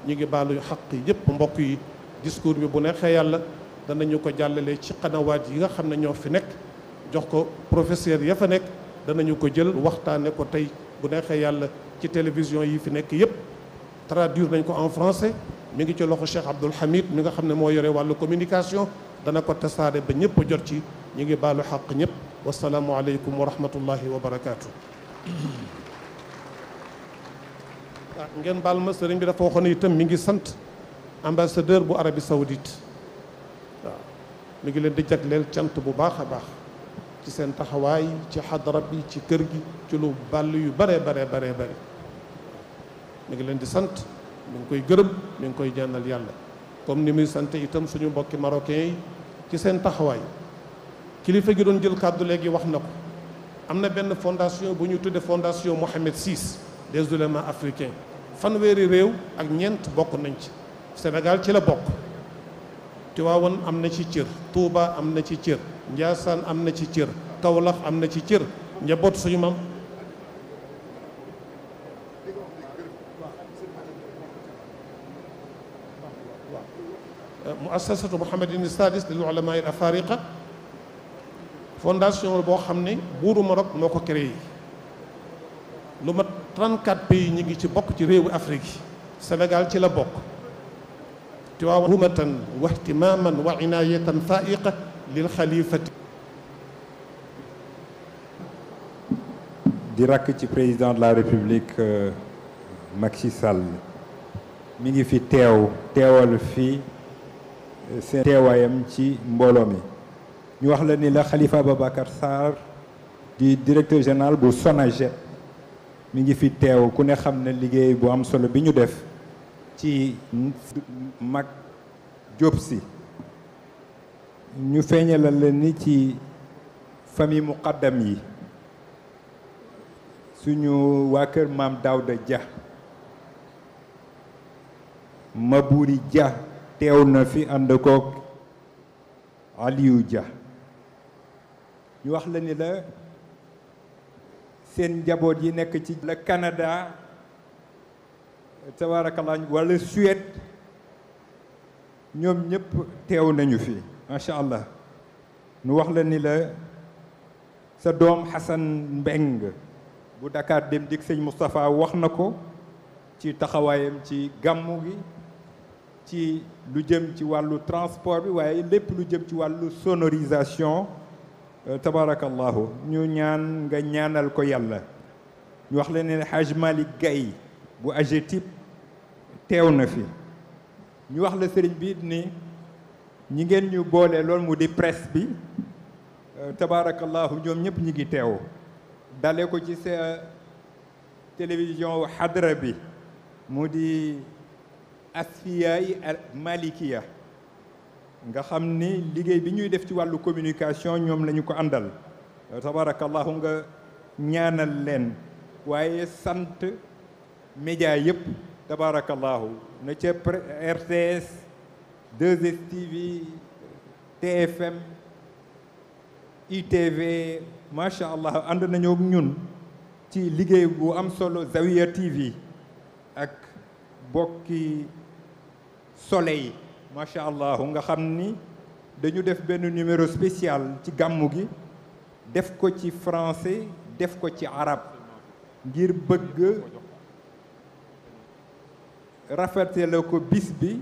ñu ngi baalu xaq yëpp mbokk yi discours bi bu neexee yàlla danañu ko jàllale ci xanawaat yi nga xam ne ñoo fi nekk jox ko professeur ya fa nekk danañu ko jël waxtaane ko tey bu neexee yàlla ci télévision yi fi nekk yëpp traduire nañ ko en français mi ngi ci loxo Cheikh Abdoul Hamid mi nga xam ne moo yore wàllu communication dana ko tasaare ba ñëpp jot ci ñu ngi baalu xaq ñëpp wasalaamu aleykum wa rahmatullahi wa barakaatu. Ah, ngeen baal ma sëriñ bi dafa waxoon itam mu ngi sant ambassadeur bu Arabie Saoudite waaw ah, mi ngi leen di jagleel cant bu baax a baax ci seen taxawaay ci xadara bi ci kër gi ci lu bàll yu bare bare bare bare mu ngi leen di sant mu ngi koy gërëm mi ngi koy jànnal yàlla comme ni muy sant itam suñu mbokki marocain yi ci seen taxawaay kilifa gi doon jël kàddu léegi wax na ko am na benn fondation bu ñu tudde fondation Mohamed VI des oulémas africains fanweeri réew ak ñeent bokk nañ ci Sénégal ci la bokk Tiwaawan am na ci cër Touba am na ci cër Njaasaan am na ci cër Kawlax am na ci cër njaboot suñu mam muassasatu Muhammadin Sadis lil ulamaa'il afariqa fondation boo xam ne buuru Maroc moo ko créé lu ma 34 pays ñi ngi ci bokk ci réewu Afrique yi senegal ci la bokk tiwaawan humatan wa ihtimaman wa inaayatan faiqa lil xalifati di rakk ci président de la république euh, ci Sall mi ngi fi teew teewal fi euh, seen teewaayam ci mbooloo mi ñu wax la ni la Khalifa Ababacar Sarr di directeur général bu SONAGED mi ngi fi teew ku ne xam ne liggéey bu am solo bi ñu def ci mag Diop Sy ñu feeñalal la ni ci famille muqaddam yi suñu waa kër maam Daouda Dia Mabouri Dia teew na fi ànd koog Aliou Dia ñu wax la ni la seen njaboot yi nekk ci la Canada tabarakallah walla Suède ñoom ñëpp teew nañu fi macha allah ñu wax la ni la sa doom Xasan Mbeng bu Dakar dem dik sëñ Moustapha wax na ko ci taxawaayam ci gàmmu gi ci lu jëm ci wàllu transport bi waaye lépp lu jëm ci wàllu sonorisation Euh, tabarakallahu ñu ñaan nga ñaanal ko yàlla ñu wax leen ne Hadj Malick Gaye bu AGETIP teew na fi ñu wax la sëriñ bi ni ñi ngeen ñu boole lool mu di presse bi euh, tabarakallahu ñoom ñëpp ñi ngi teew dale ko ci sa télévision xadra bi mu di asfiyaay malikiya nga xam ni liggéey bi ñuy def ci wàllu communication ñoom lañu ko àndal tabarakallahu nga ñaanal leen waaye sant média yëpp tabarakallahu na ca RTS 2STV TFM ITV macha allah ànd nañoo ñun ci liggéey bu am solo Zawiya TV ak bokki soleil macha allah nga xam ni dañu def benn numéro spécial ci gàmmu gi def ko ci français def ko ci arab ngir bëgg rafetale ko bis bi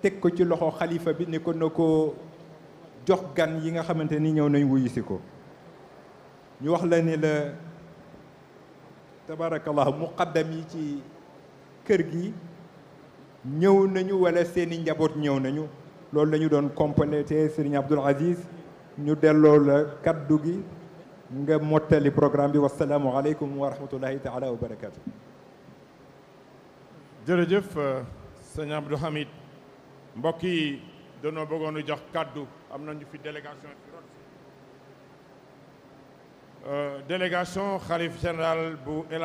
teg ko ci loxo xalifa bi ne ko na ko jox gan yi nga xamante ni ñëw nañ wuyu ko ñu wax la ni la tabarakallah muqaddam yi ci kër gi ñëw nañu wala seen i njaboot ñëw nañu loolu la ñu doon complété Serigne Abdoul Aziz ñu delloo la kaddu gi nga mottali programme bi wasalaamu aleykum wa rahmatullahi taala wa barakatu jërëjëf euh, sëñ Abdou Hamid mbokk yi danoo bëggoonu jox kaddu am na nañu fi délégation euh, délégation xalif général bu El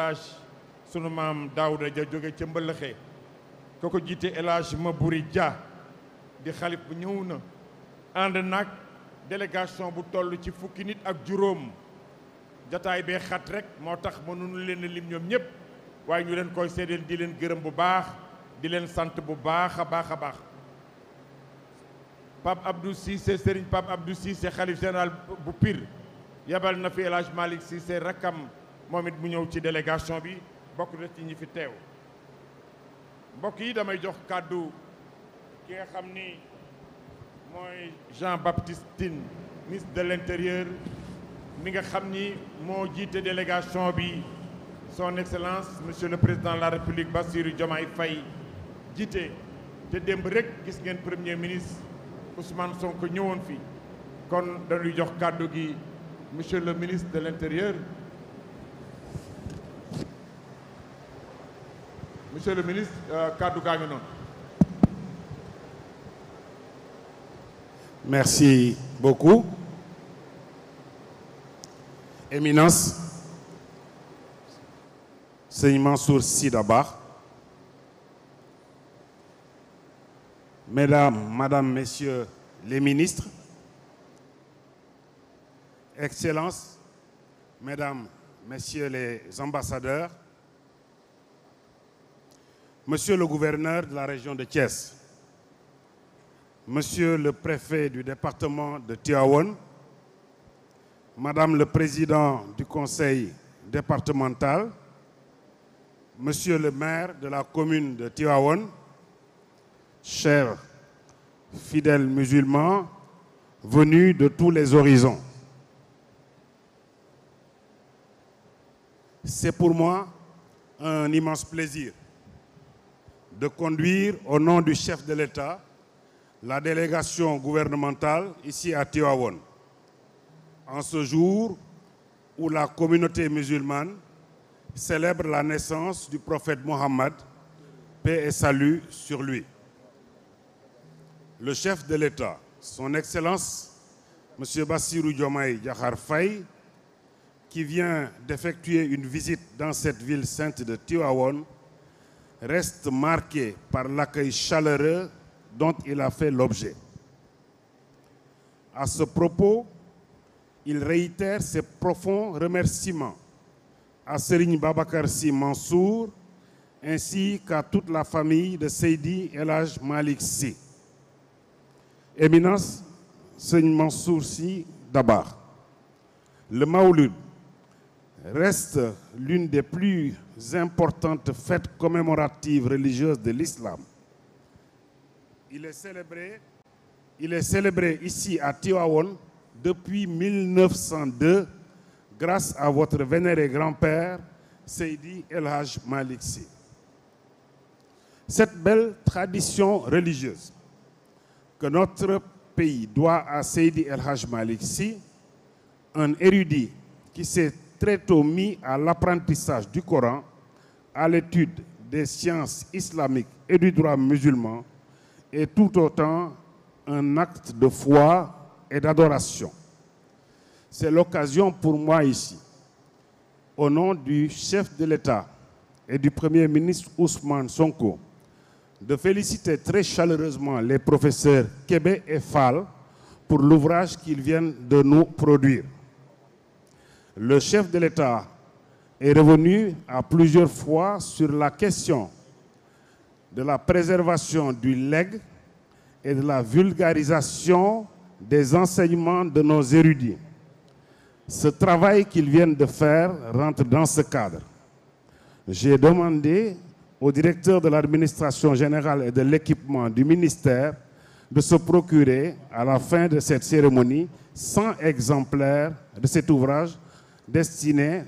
sunu maam Daouda ja jóge ca mbëllaxee ko ko jiite El ma Mabouri Dia di xalif ñëw na ànd nag délégation bu toll ci fukki nit ak juróom jataay bee xat rek moo tax mënuñu leen lim ñoom ñëpp waaye ñu leen koy seedeel di leen gërëm bu baax di leen sant bu baax a baax a baax Pape Abdou Cissé Serigne Pape xalif général bu Pire yabal na fi El Hadj Malick rakkam moom it mu ñëw ci délégation bi bokk na ci ñi fi teew mbokk yi damay jox kàddu ki nga xam ni mooy Jean Baptiste Tine de l'intérieur mi nga xam ni moo jiite délégation bi son excellence monsieur le président la république Bassirou Diomaye fay jiite te démb rek gis ngeen premier ministre Ousmane Sonko ñëwoon fi kon dañuy jox kàddu gi monsieur le ministre de l'intérieur monsieur le ministre euh, kàddu gaa ngi noonu. merci beaucoup. éminence. sëñ Mansour Sy Dabakh. mesdames madame messieurs les ministres. excellences mesdames messieurs les ambassadeurs. Monsieur le gouverneur de la région de Thiès, Monsieur le préfet du département de Tivaouane, Madame le président du conseil départemental, Monsieur le maire de la commune de Tivaouane, chers fidèles musulmans venus de tous les horizons. C'est pour moi un immense plaisir de conduire au nom du chef de l'État la délégation gouvernementale ici à Tivaouane. En ce jour où la communauté musulmane célèbre la naissance du prophète Mohammed, paix et salut sur lui. Le chef de l'État, son Excellence Monsieur Bassirou Diomaye Diakhar Faye, qui vient d'effectuer une visite dans cette ville sainte de Tivaouane, reste marqué par l'accueil chaleureux dont il a fait l'objet. À ce propos, il réitère ses profonds remerciements à Serigne Babacar Sy Mansour ainsi qu'à toute la famille de Seydi El Hadj Malick Sy. Éminence Serigne Mansour Le Maouloud reste l'une des plus importantes fêtes commémoratives religieuses de l'islam. Il est célébré, il est célébré ici à Tivaouane depuis 1902 grâce à votre vénéré grand-père Seydi El Hadj Malick Sy. Cette belle tradition religieuse que notre pays doit à Seydi El Hadj Malick un érudit qui s'est très tôt mis à l'apprentissage du Coran, à l'étude des sciences islamiques et du droit musulman, est tout autant un acte de foi et d'adoration. C'est l'occasion pour moi ici, au nom du chef de l'État et du Premier ministre Ousmane Sonko, de féliciter très chaleureusement les professeurs Kébé et Fall pour l'ouvrage qu'ils viennent de nous produire. le chef de l'État est revenu à plusieurs fois sur la question de la préservation du legs et de la vulgarisation des enseignements de nos érudits. Ce travail qu'ils viennent de faire rentre dans ce cadre. J'ai demandé au directeur de l'administration générale et de l'équipement du ministère de se procurer, à la fin de cette cérémonie, 100 exemplaires de cet ouvrage destinée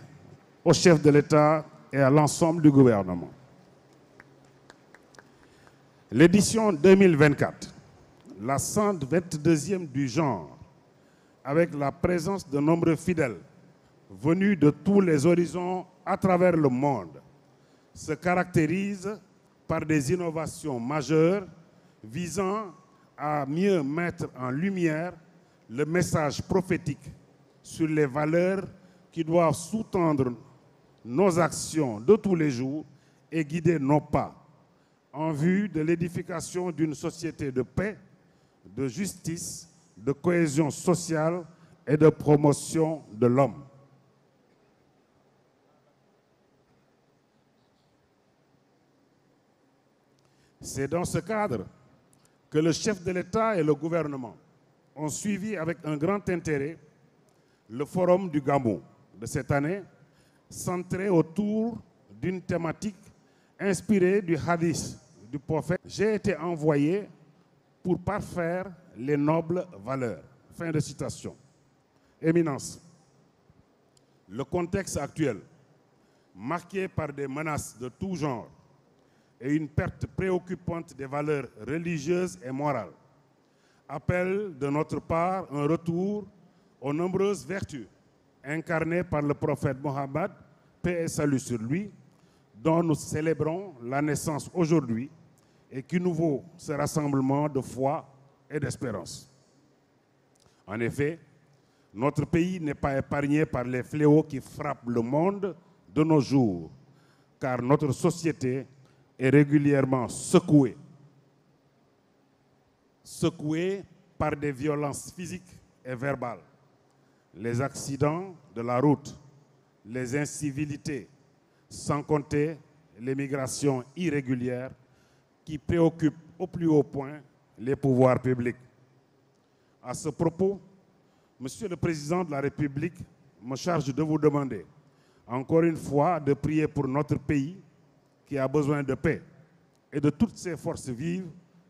au chef de l'État et à l'ensemble du gouvernement. L'édition 2024, la 122e du genre, avec la présence de nombreux fidèles venus de tous les horizons à travers le monde, se caractérise par des innovations majeures visant à mieux en lumière le message prophétique sur les valeurs qui doivent soutendre tendre nos actions de tous les jours et guider nos pas en vue de l'édification d'une société de paix, de justice, de cohésion sociale et de promotion de l'homme. C'est dans ce cadre que le chef de l'État et le gouvernement ont suivi avec un grand intérêt le forum du Gamou de cette année, centrée autour d'une thématique inspirée du hadith du prophète. J'ai été envoyé pour parfaire les nobles valeurs. Fin de citation. Éminence, le contexte actuel, marqué par des menaces de tout genre et une perte préoccupante des valeurs religieuses et morales, appelle de notre part un retour aux nombreuses vertus incarné par le prophète Mohammed, paix et salut sur lui, dont nous célébrons la naissance aujourd'hui et qui nous vaut ce rassemblement de foi et d'espérance. En effet, notre pays n'est pas épargné par les fléaux qui frappent le monde de nos jours, car notre société est régulièrement Secouée par des violences physiques et verbales les accidents de la route, les incivilités, sans compter les migrations irrégulières qui préoccupent au plus haut point les pouvoirs publics. À ce propos, Monsieur le Président de la République me charge de vous demander, encore une fois, de prier pour notre pays qui a besoin de paix et de toutes ses forces vives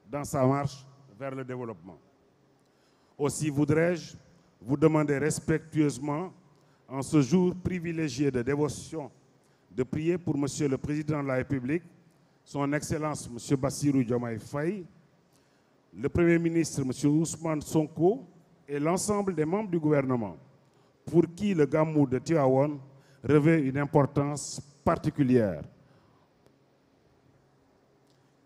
dans sa marche vers le développement. Aussi voudrais-je vous demander respectueusement, en ce jour privilégié de dévotion, de prier pour Monsieur le Président de la République, Son Excellence Monsieur Bassirou Diomaye Faye, le Premier ministre Monsieur Ousmane Sonko et l'ensemble des membres du gouvernement, pour qui le Gamou de Tivaouane revêt une importance particulière.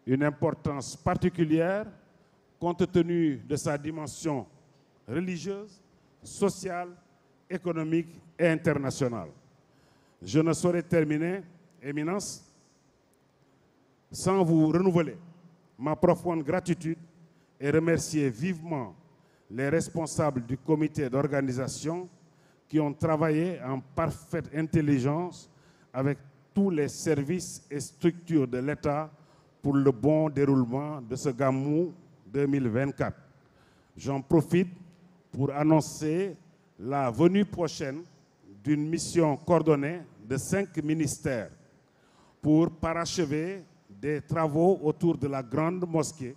Une importance particulière compte tenu de sa dimension religieuse, sociale, économique et internationale. Je ne saurais terminer, Éminence, ma profonde gratitude et remercier vivement les responsables du comité d'organisation qui ont travaillé en parfaite intelligence avec tous les services et structures de l'État pour le bon déroulement de ce GAMU 2024. J'en profite pour annoncer la venue prochaine d'une mission coordonnée de cinq ministères pour parachever des travaux autour de la grande mosquée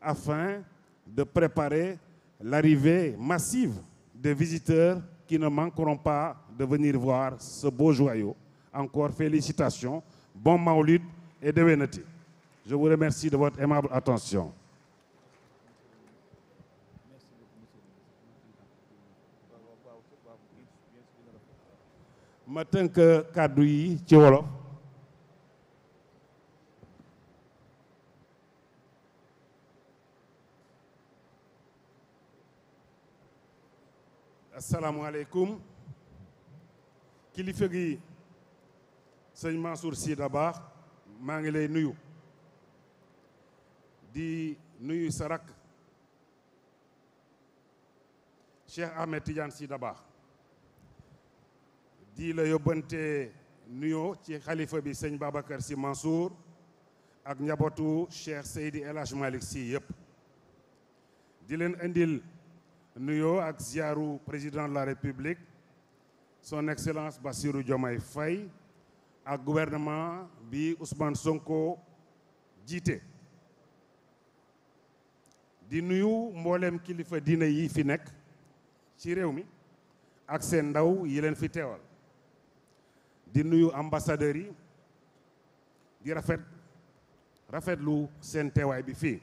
afin de préparer l'arrivée massive des visiteurs qui ne manqueront pas de venir voir ce beau joyau. Encore félicitations, bon Maouloud et Dewenati. Je vous remercie de votre aimable attention. ma tënk kàddu yi ci wolof asalaamualeykum kilifa gi sëñ Mansour Sy Dabakh maa ngi lay nuyu di nuyu sarak rakk Cheikh Ahmed Tidiane Sy Dabakh di la yóbbante nuyoo ci xalifa bi sëñ Babacar Sy Mansour ak njabootu Cheikh Seydi El Hadj Malick Sy yëpp di leen indil nuyoo ak ziaru président de la République son excellence Bassirou Diomaye fay ak gouvernement bi Ousmane Sonko jiite di nuyu mboolem kilifa diine yi fi nekk ci réew mi ak seen ndaw yi leen fi teewal di nuyu ambassadeurs yi di rafet rafetlu seen teewaay bi fii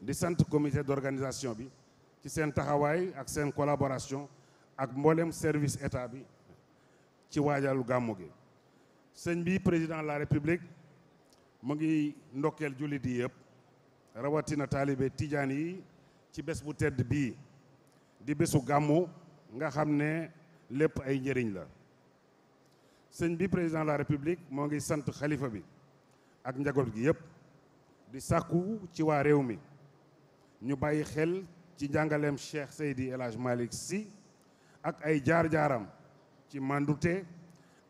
di sant comité d'organisation bi ci seen taxawaay ak seen collaboration ak mboolem service état bi ci waajalu gàmmu gi sëñ bi président la république mu ngi ndokkeel jullit yi yëpp rawatina taalibe tijaan yi ci bés bu tedd bii di bésu gàmmu nga xam ne lépp ay njëriñ la sëñ bi président de la république moo ngi sant xalifa bi ak njaboot gi yëpp di sàkku ci waa réew mi ñu bàyyi xel ci njàngaleem Cheikh Seydi El Hadj Malick ak ay jaar-jaaram ci mandute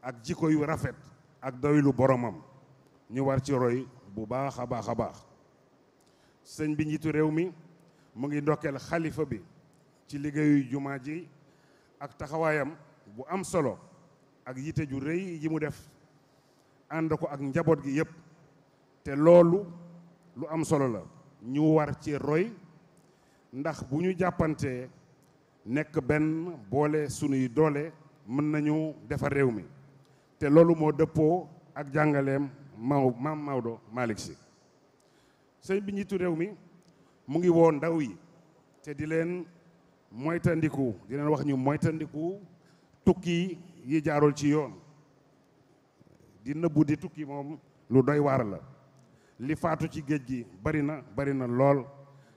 ak jikko yu rafet ak doylu boromam ñu war ci roy bu baax a baax a baax sëñ bi njiitu réew mi mu ngi ndokkeel xalifa bi ci liggéeyu jumaa ji ak taxawaayam bu am solo ak yite ju rëy yi mu def ànd ko ak njaboot gi yëpp te loolu lu am solo la ñu war ci roy ndax bu ñu jàppantee nekk benn boole sunuy doole mën nañu defar réew mi te loolu moo dëppoo ak jàngaleem maw maam Maodo Malick Sy sëñ bi njiitu réew mi mu ngi woo ndaw yi te di leen moytandiku di leen wax ñu moytandiku tukki yi jaarul ci yoon di nëbbu di tukki moom lu doy waar la li faatu ci géej gi bari na bari na lool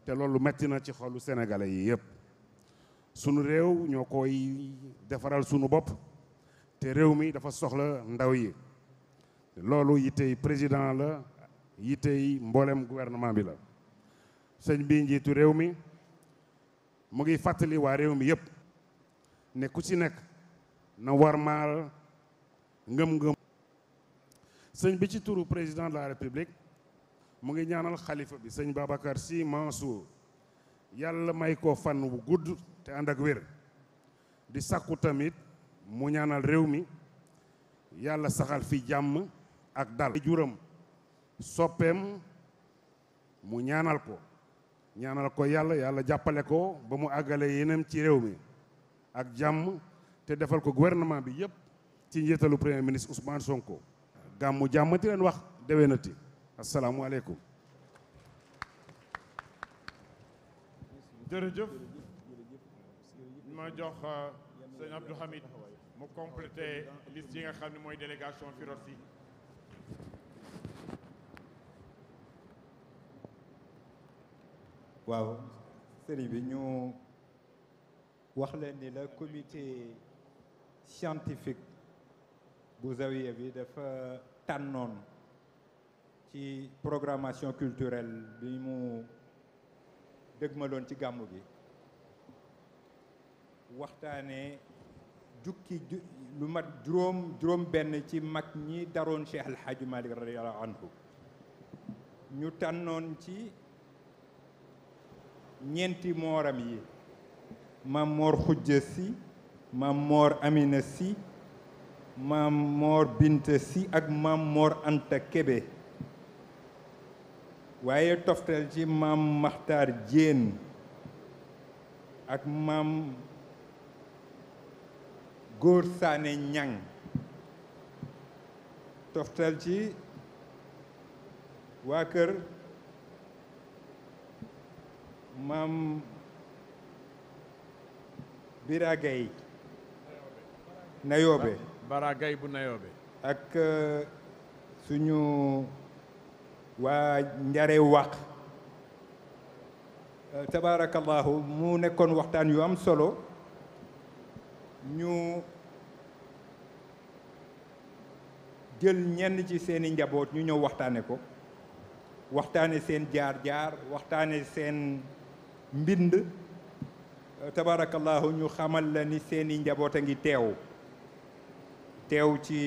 te loolu metti na ci xolu sénégalais yi yëpp sunu réew ñoo koy defaral sunu bopp te réew mi dafa soxla ndaw yi loolu yittey président la yittey mboolem gouvernement bi la sëñ bi njiitu réew mi mu ngi fàttali waa réew mi yëpp ne ku ci nekk na warmaal ngëm-ngëm sëñ bi ci turu président de la république mu ngi ñaanal xalifa bi sëñ Babacar Sy Mansour yàlla may ko fan wu gudd te ànd ak wér di sakku tamit mu ñaanal réew mi yàlla saxal fi jàmm ak dal juram soppeem mu ñaanal ko ñaanal ko yàlla yàlla jàppale ko ba mu àggale yeneen ci réew mi ak jàmm te defal ko gouvernement bi yëpp ci njiitalu premier ministre Ousmane Sonko. gàmmu jàmmati leen wax déwénati asalaamualeykum. jërëjëf ma jox euh, sëñ Abdou yi nga xam ne mooy délégation Firorsi. waaw sëriñ bi ñu wax leen ni la comité. scientifique bu zawiya bi dafa tànnoon ci programmation culturelle bi mu dëgmaloon ci gàmmu bi waxtaane jukki lu mat juróom juróom benn ci mag ñi daroon Cheikh El Hadj Malick radiyallahu anhu ñu tànnoon ci ñeenti mooram yi Maam Mor Xujja Si maam Mor Amina si maam Mor bint si ak maam Mor Anta Kébé waaye toftal ci maam Maxtaar Jéen ak maam Góor Saane Ñang toftal ci waa kër maam Biragay Nayoobe Bara Gaye bu Nayoobe ak euh, suñu waa njare wàq euh, mu nekkoon waxtaan yu am solo ñu jël ñenn ci seeni njaboot ñu ñëw waxtaane ko waxtaane seen jaar-jaar waxtaane seen mbind euh, tabaarakallaahu ñu xamal la ni seeni njaboot a ngi teew teew ci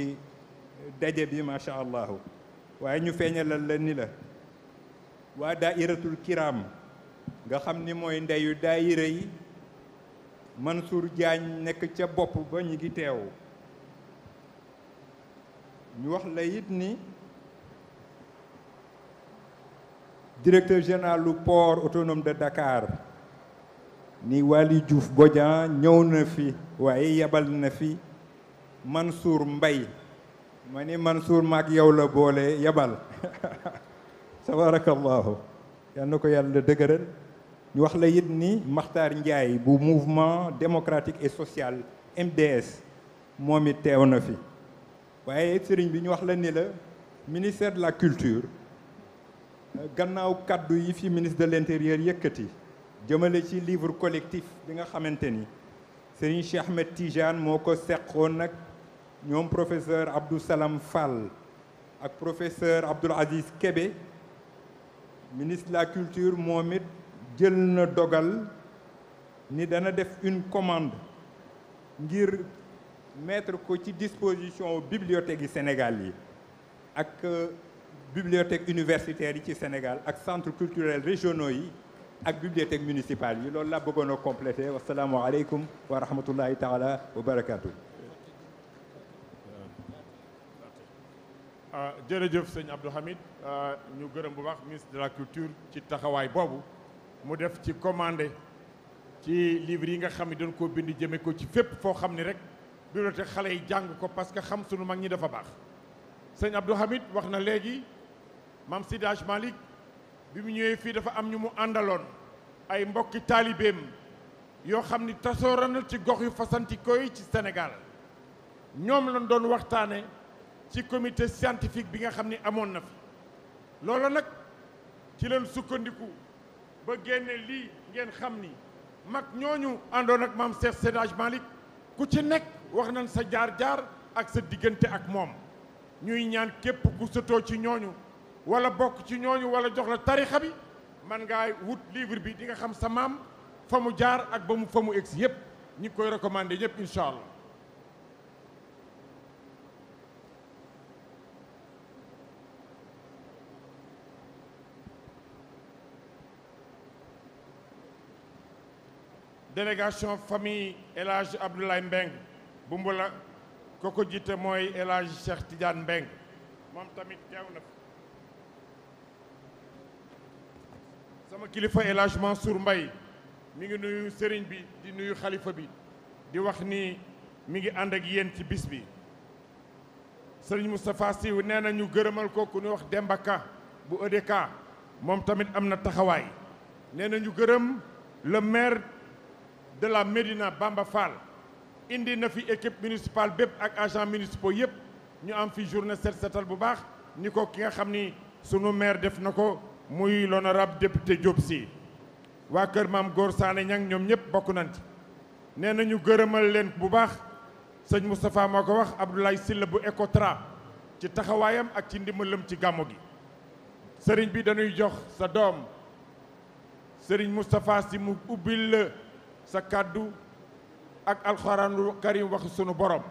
daje bi macha allah waaye ñu feeñalal la ni la waa daairatul kiram nga xam ni mooy ndeyu daaira yi Mansour jaañ nekk ca bopp ba ñu ngi teew ñu wax la ni directeur général du port autonome de Dakar ni Waly Diouf Bodian ñëw na fi waaye yebal na fi Mansour Mbay ma ni Mansour maak yow la boole yabal tabarakallahu yal na ko yàlla dëgëral ñu wax la it ni Maxtaar Njaay bu mouvement democratique et social MDS moom it teew na fi waaye sëriñ bi ñu wax la ni la ministère de la culture gannaaw kàddu yi fi ministre de l'intérieur yëkkati jëmale ci livre collectif bi nga xamante ni sëriñ Cheikh Ahmed Tidiane moo ko seqoon nag ñoom professeur Abdou Salam Fall ak professeur Abdoul Aziz Kébé ministre de la culture moom it jël na dogal ni dana def une commande ngir metre ko ci disposition bibliothèque yi Sénégal yi ak euh, bibliothèque universitaire yi ci Sénégal ak centre culturel régionaux yi ak bibliothèque municipale yi loolu laa bëggoon a complété wasalaamualeykum wa rahmatullahi taala wa barakaatu. Euh, jërëjëf sëñ Abdou Hamid euh, ñu gërëm bu baax ministre de la culture ci taxawaay boobu mu def ci commandé ci livre yi nga xam ne dañ koo bind jëme ko ci fépp foo xam ne rek bibliothèque xale yi jàng ko parce que xam sunu mag ñi dafa baax sëñ Abdou Hamid wax na léegi maam Seydi Hadji bi mu ñëwee fii dafa am ñu mu àndaloon ay mbokki taalibeem yoo xam ni tasooranal ci gox yu fasanti koy ci senegal ñoom lañ doon waxtaane ci comité scientifique bi nga xam ni amoon na fi loolu nag ci leen sukkandiku ba génnee lii ngeen xam ni mag ñooñu àndoon ak maam Seex Sédage Malick ku ci nekk wax nañ sa jaar-jaar ak sa diggante ak moom ñuy ñaan képp ku sëtoo ci ñooñu wala bokk ci ñooñu wala jox la tarixa bi man ngaa wut livre bi di nga xam sa maam fa mu jaar ak ba mu fa mu egsi yëpp ñi ngi koy recommandé ñëpp incha allah délégation famille El Hadj Abdoulaye Mbeng Bumbula ko ko jiite mooy El Hadj Cheikh Tidiane Mbeng moom tamit teew na fi sama kilifa El Hadj mbay mi ngi nuyu sëriñ bi di nuyu xalifa bi di wax ni mi ngi ànd ak yéen ci bis bi sëriñ Moustapha Sy nee na ñu gërëmal ko ku ñu wax Demba Ka bu EDK moom tamit am na taxawaay nee na ñu gërëm le de la Médina Bamba Fall indi na fi équipe municipale bépp ak agent municipaux yëpp ñu am fi journée set setal bu baax ni ko ki nga xam ni sunu maire def na ko muy rab député Diop Sy waa kër maam Góor saane ñang ñoom ñëpp bokk nañ ci nee na ñu gërëmal leen bu baax sëñ Moustapha moo ko wax Abdoulaye Sylla bu Ecotra ci taxawaayam ak ci ndimbalam ci gàmmu gi sëriñ bi dañuy jox sa doom sëriñ Moustapha si mu ubbil sa kàddu ak alxuraanul karim wax sunu borom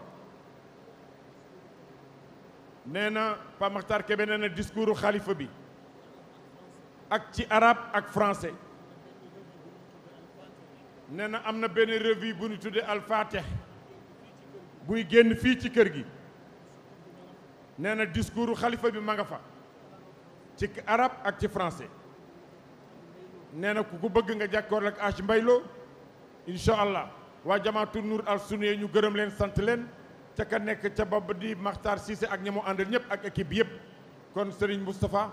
nee na Pape Makhtar Kébé nee xalifa bi ak ci arabe ak français nee na am na benn revue bu ñu tuddee alfatih buy génn fii ci kër gi nee na discoursu xalifa bi ma nga fa ci arabe ak ci français nee na ku ko bëgg nga jàkkoor ak Ache Mbaylo incha allah waa jamaatu Nour al Sunniya ñu gërëm leen sant leen ca ka nekk ca bopp di Makhtar Cissé ak ña mu àndal ñëpp ak équipe bi yëpp kon Serigne Moustapha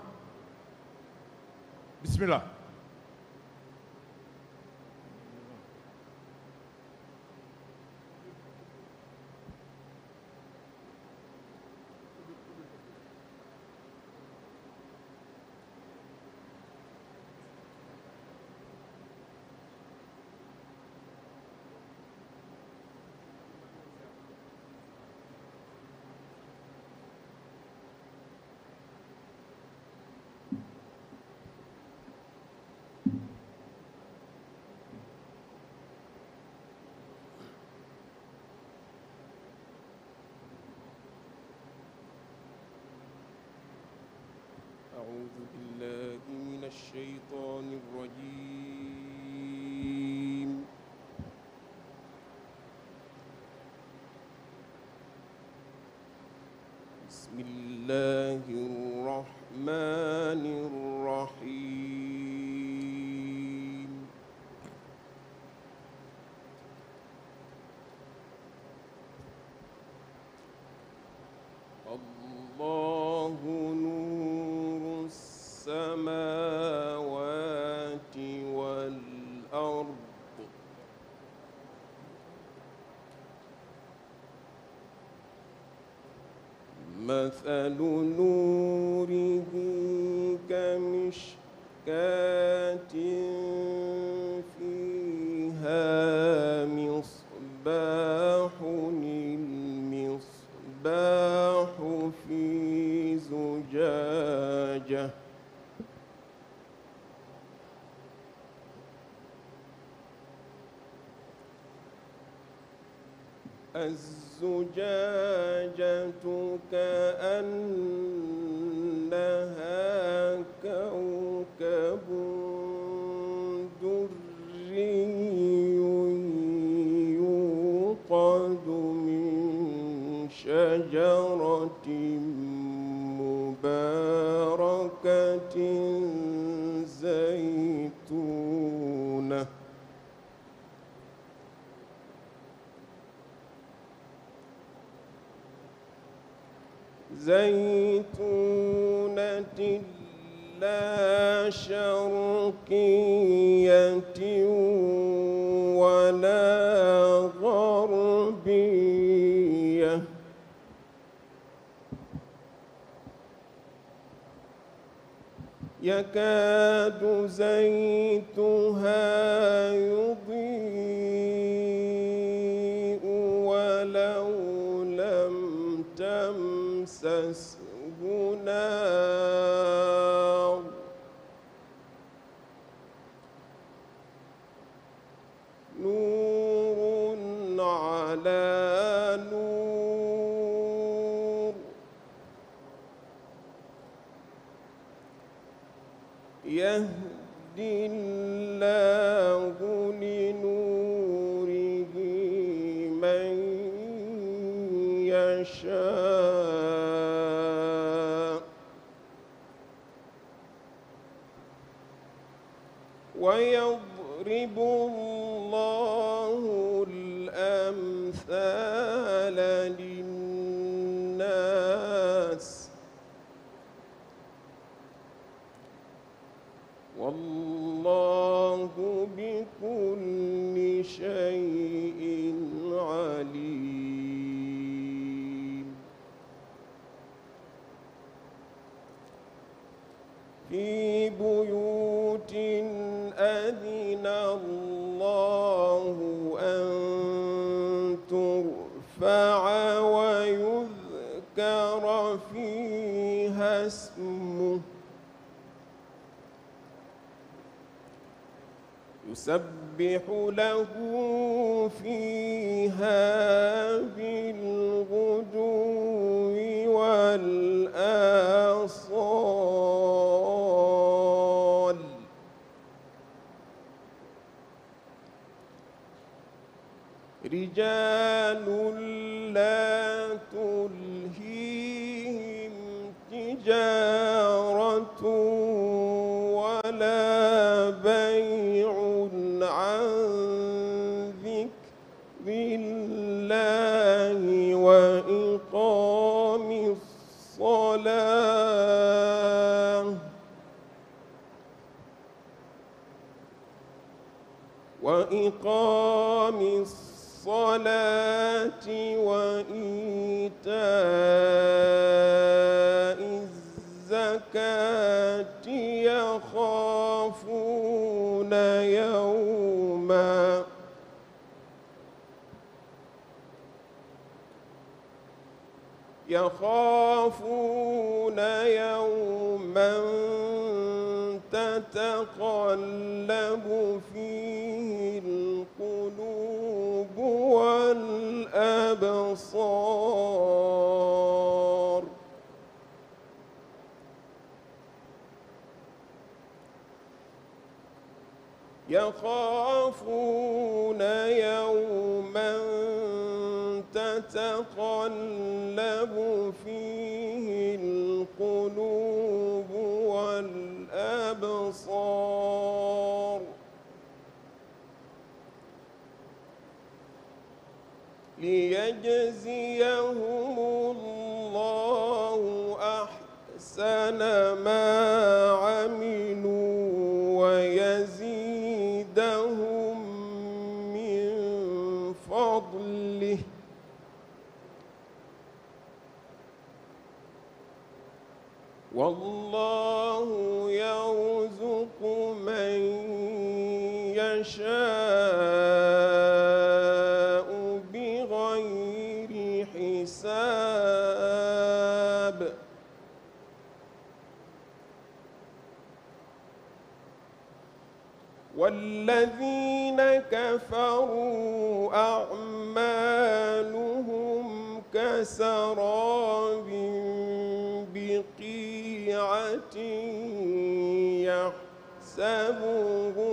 bismillah bismillah يفعلون يكاد زيتها يشاء بغير حساب والذين كفروا أعمالهم كسراب بقيعة كذبوه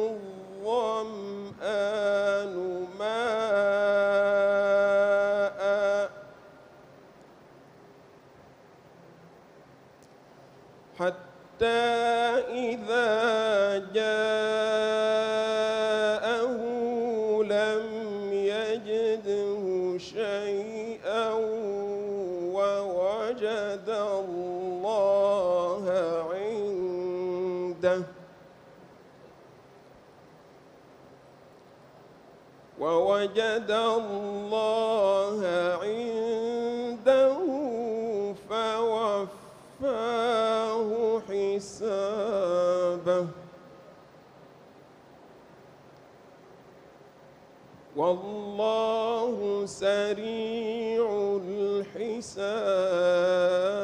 سريع الحساب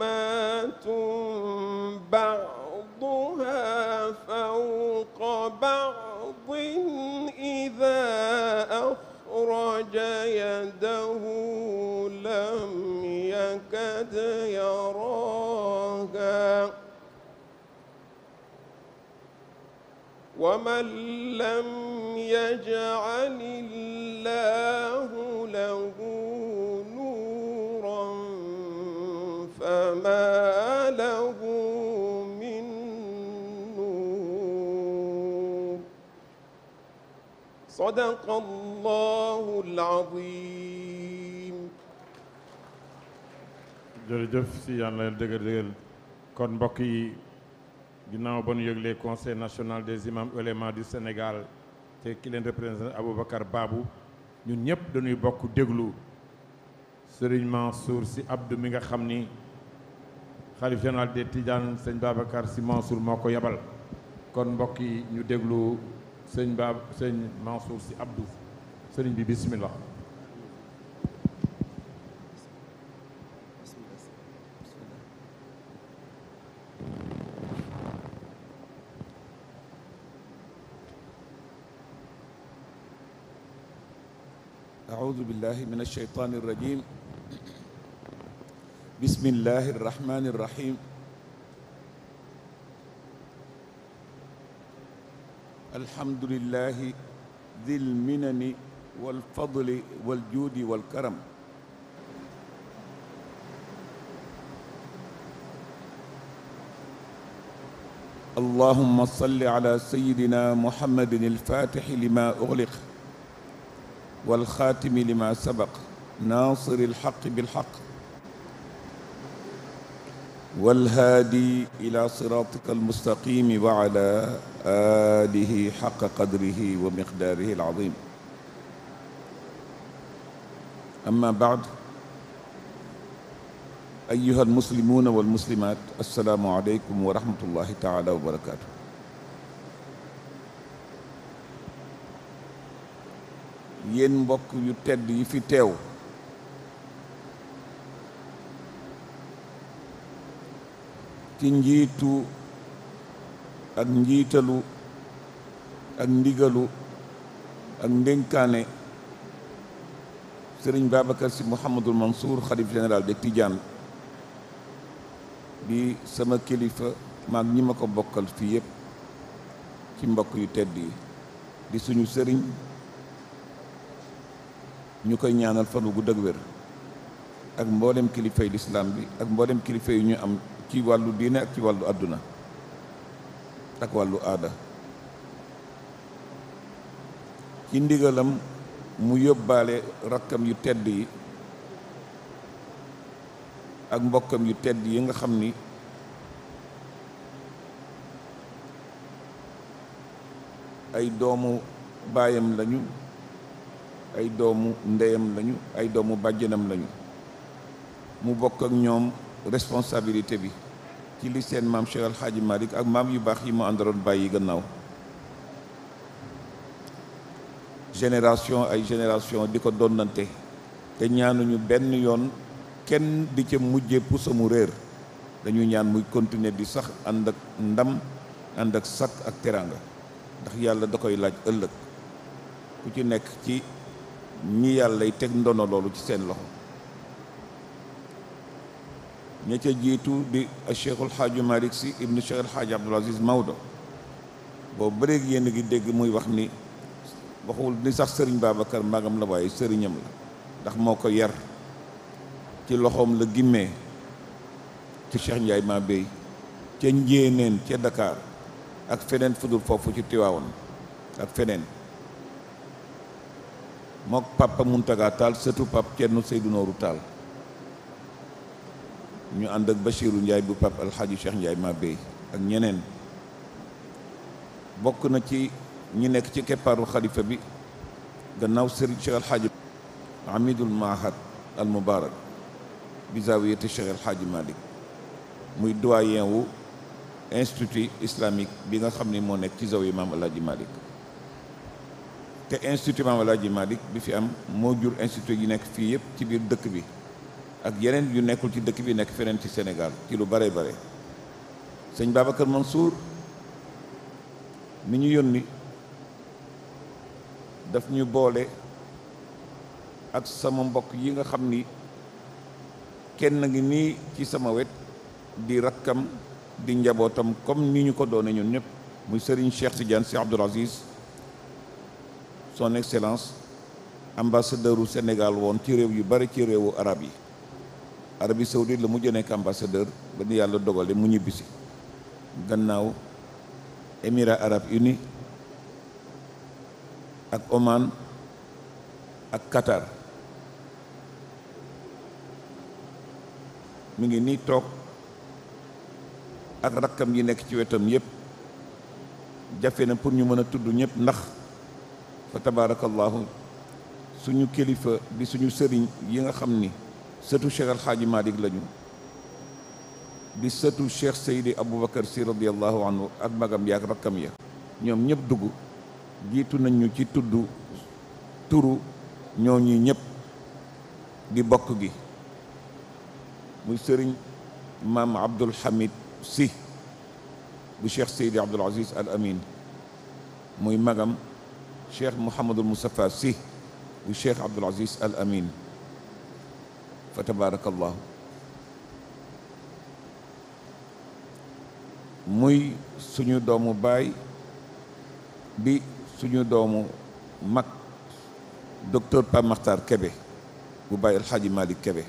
ظلمات بعضها فوق بعض إذا أخرج يده لم يكد يراها ومن لم يجعل الله له صدق الله العظيم si yàlla na dëgër kon mbokk yi ginnaaw ba nu yëgle conseil national des imams oulémas di senegal te ki leen représenté Aboubacar ñun ñëpp dañuy bokk déglu Serigne Mansour si Abdou mi nga xam ni xalif général des Tidianes sëñ Babacar si Mansour moo ko yabal kon mbokk ñu déglu. sëñ Ba sëñ Mansour si Abdou sëriñ bi bismillah أعوذ بالله من الشيطان الرجيم بسم الله الرحمن الرحيم alhamdulillahi dil minani wal fadli wal juudi wal karam اللهم صل على سيدنا محمد الفاتح لما أغلق والخاتم لما سبق ناصر الحق بالحق والهادي إلى صراطك المستقيم وعلى آله حق قدره ومقداره العظيم أما بعد أيها المسلمون والمسلمات السلام عليكم ورحمة الله تعالى وبركاته yéen mbokk yu tedd yi fi teew ci njiitu ak njiitalu ak ndigalu ak ndénkaane sëriñ Babacar si Mouhamadul Mansour xalif général de Tidiane bi sama kilifa maag ñi ma ko bokkal fii yëpp ci mbokk yu tedd yi di suñu sëriñ ñu koy ñaanal fan gu wér ak mboolem kilifay lislaam bi ak mboolem kilifa yu ñu am ci wàllu diine ak ci wàllu àdduna ak wàllu aada ci ndigalam mu yóbbaale rakkam yu tedd yi ak mbokkam yu tedd yi nga xam ni ay doomu baayam lañu ay doomu ndeyam lañu ay doomu bàjjanam lañu mu bokk ak ñoom responsabilité bi ci li seen maam Cheikh Al Hadji ak maam yu baax yi mu àndaloon bàyyi gannaaw génération ay génération di ko donnante te ñaanuñu benn yoon kenn di ca mujje pusa mu réer dañuy ñaan muy continuer di sax ànd ak ndam ànd ak sakk ak teraanga ndax yàlla da koy laaj ëllëg ku ci nekk ci ñi yàlla teg ndono loolu ci seen loxo ña ca jiitu di Cheikh El Hadj Malick Sy ibnu Cheikh El Hadj Aziz Maodo boobu ba léegi yéen dégg muy wax ni waxul ni sax sëriñ Babacar mbagam la waaye sëriñam la ndax moo ko yar ci loxoom la gimmee ci Cheikh Ndiaye maa béy ca njéeneen ca Dakar ak feneen fudul foofu ci Tiwaawan ak feneen mook papa Muntaga Taal surtout pap Cerno Seydou Taal ñu ànd ak Bachirou Ndiaye bu Pape Alxaaji Cheikh ma Mabéy ak ñeneen bokk na ci ñi nekk ci keppaaru xalifa bi gannaaw sëriñ Cheikh Alxaaji Amidul Mahad al Mubarak bi muy doyen wu institut islamique bi nga xam ni moo nekk ci zawiya Maam Alxaaji Malick te institut Maam Alxaaji Malick bi fi am moo jur institu yi nekk fii yëpp ci biir dëkk bi ak yeneen yu nekkul ci dëkk bi nekk feneen ci Sénégal ci lu bare bare sëñ Babacar Mansour mi ñu yónni daf ñu boole ak sama mbokk yi nga xam ni kenn ngi nii ci sama wet di rakkam di njabootam comme ni ñu ko doon ñun ñëpp muy Serigne Cheikh Tidiane Sy Abdoul Aziz son excellence ambassadeur u Sénégal woon ci réew yu bari ci réewu arab yi Arabie Saoudite la mujj nekk ambassadeur ba ni yàlla dogale mu ñibbisi gannaaw Émirats Arabes Unis ak omaan ak katar mu ngi nii toog ak rakkam yi nekk ci wetam yépp jafe na pour ñu mën a tudd ñépp ndax fa tabaarakallaahu suñu kilifa di suñu sëriñ yi nga xam ni sëtu Cheikh Alxaaji Malik lañu di sëtu Cheikh Seydi Aboubacar si radiyallahu anhu ak magam yaak rakkam ya ñoom ñëpp dugg jiitu nañu ci tudd turu ñooñu ñëpp di bokk gi muy sëriñ maam Abdul Hamid si bu Cheikh Seydi Abdul Aziz Al Amin muy magam Cheikh Mouhamadul Moustapha si bu Cheikh Abdul Aziz Al Amin fa muy suñu doomu baay bi suñu doomu mag docteur Pape Makhtar bu baay alxaaji Malick Kébé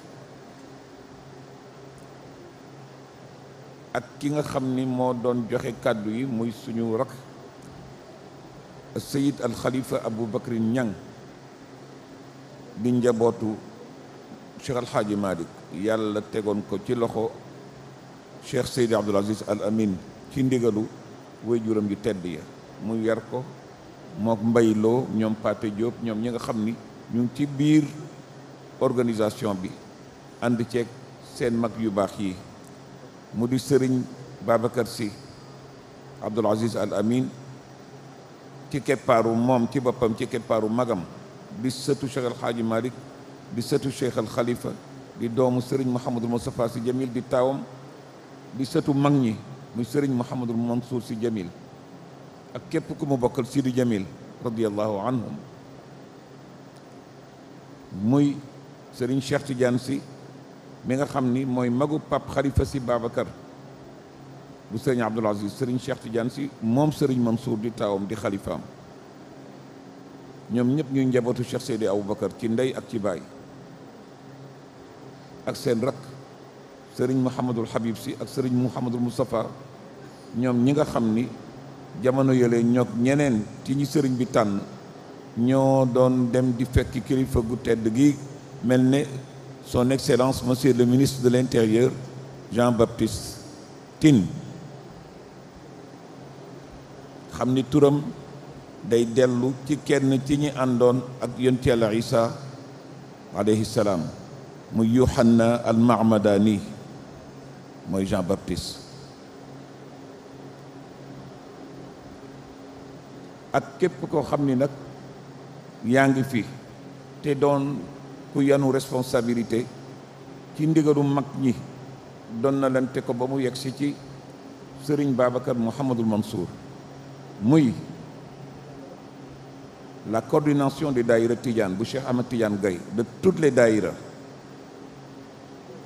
ak ki nga xam ni moo doon joxe kàddu yi muy suñu rak Seyid Al Khalifa Abou Ñang di njabootu Cheikh Al Hadji Malick yàlla tegoon ko ci loxo Cheikh Seydi Abdoul Aziz Al Amin ci ndigalu waajuram yu tedd ya mu yar ko mook mbayloo ñoom Paté Diop ñoom ñi nga xam ni ñu ngi ci biir organisation bi ànd ceeg seen mag yu baax yi mu di sëriñ Babacar si Abdoul Aziz Al Amin ci keppaaru moom ci boppam ci keppaaru magam bi sëtu Cheikh Al Hadji di sëtu Cheikh al di doomu Serigne Mouhamadul Moustapha Sy Jamil di taawam di sëtu mag ñi muy Serigne Mouhamadul Mansour Sy Jamil ak képp ku mu bokkal Sidi Jamil radiyallahu anhum muy sëriñ Cheikh Tidiane Sy mi nga xam ni mooy magu Pape Khalifa Sy Babacar bu Serigne Abdoul Aziz Serigne Cheikh moom Serigne Mansour di taawam di xalifaam ñoom ñëpp ñuy njabootu Cheikh Seydi Aboubacar ci ndey ak ci baay ak seen rakk sëriñ Mouhamadul Habib si ak sëriñ Mouhamadul Moustapha ñoom ñi nga xam ni jamono yële ñoog ñeneen ci ñi sëriñ bi tànn ñoo doon dem di fekk kilifa gu tedd gi mel ne son excellence monsieur le ministre de l'intérieur Jean-Baptiste tin xam ni turam day dellu ci kenn ci ñi àndoon ak yonent Yàlla Isa alayhi mu yuhanna al mahmadani mooy Jean Baptiste ak képp koo xam ni nag yaa ngi fi te doon ku yanu responsabilité ci ndigalu mag ñi doon na leen ko ba mu yegsi ci Serigne Babacar Mouhamadul Mansour muy la coordination des daïra Tidiane bu Cheikh Ahmed Tidiane Gaye de toutes les dayra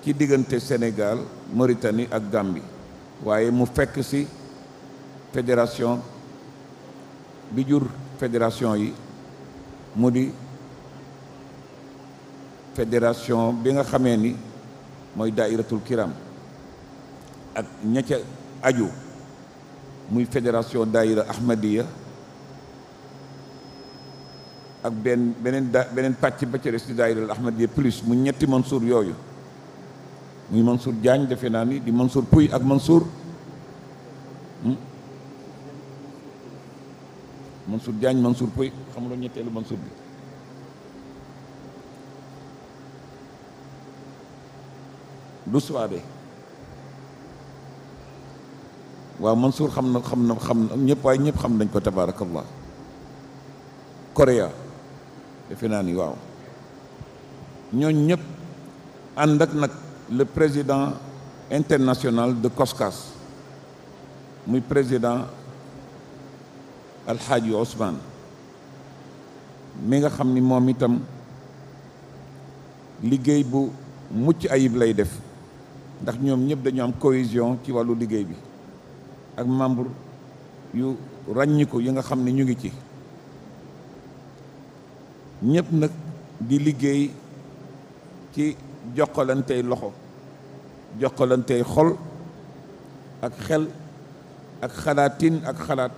ci diggante Sénégal Mauritanie ak Gambie waaye mu fekk ci fédération bi jur fédération yi mu di fédération bi nga xamee ni mooy dairatul kiram ak ña ca aju muy fédération daira ahmadiya ak benn beneen da beneen pàcc ba ca des di daira ahmadiya plus mu ñetti Mansour yooyu muy Mansour jaañ defe naa ni di Mansour Pouy ak Mansour hmm? Mansour Diagne Mansour Pouy xamuloo ñetteelu Mansour bi du suwaabe waaw Mansour xam na xam na xam na ñëpp waaye ñëpp xam nañ ko tabaarakallah Korea defe naa ni waaw ñooñ ñëpp ànd ak nag le président international de COSCAS muy président Alxaaji Ousmane mi nga xam ni moom itam liggéey bu mucc ayib lay def ndax ñoom ñëpp dañu am cohésion ci wàllu liggéey bi ak membre yu ràññiku yi nga xam ni ñu ngi ci ñëpp nag di liggéey ci jokkalantey loxo jokkalantey xol ak xel ak xalaatin ak xalaat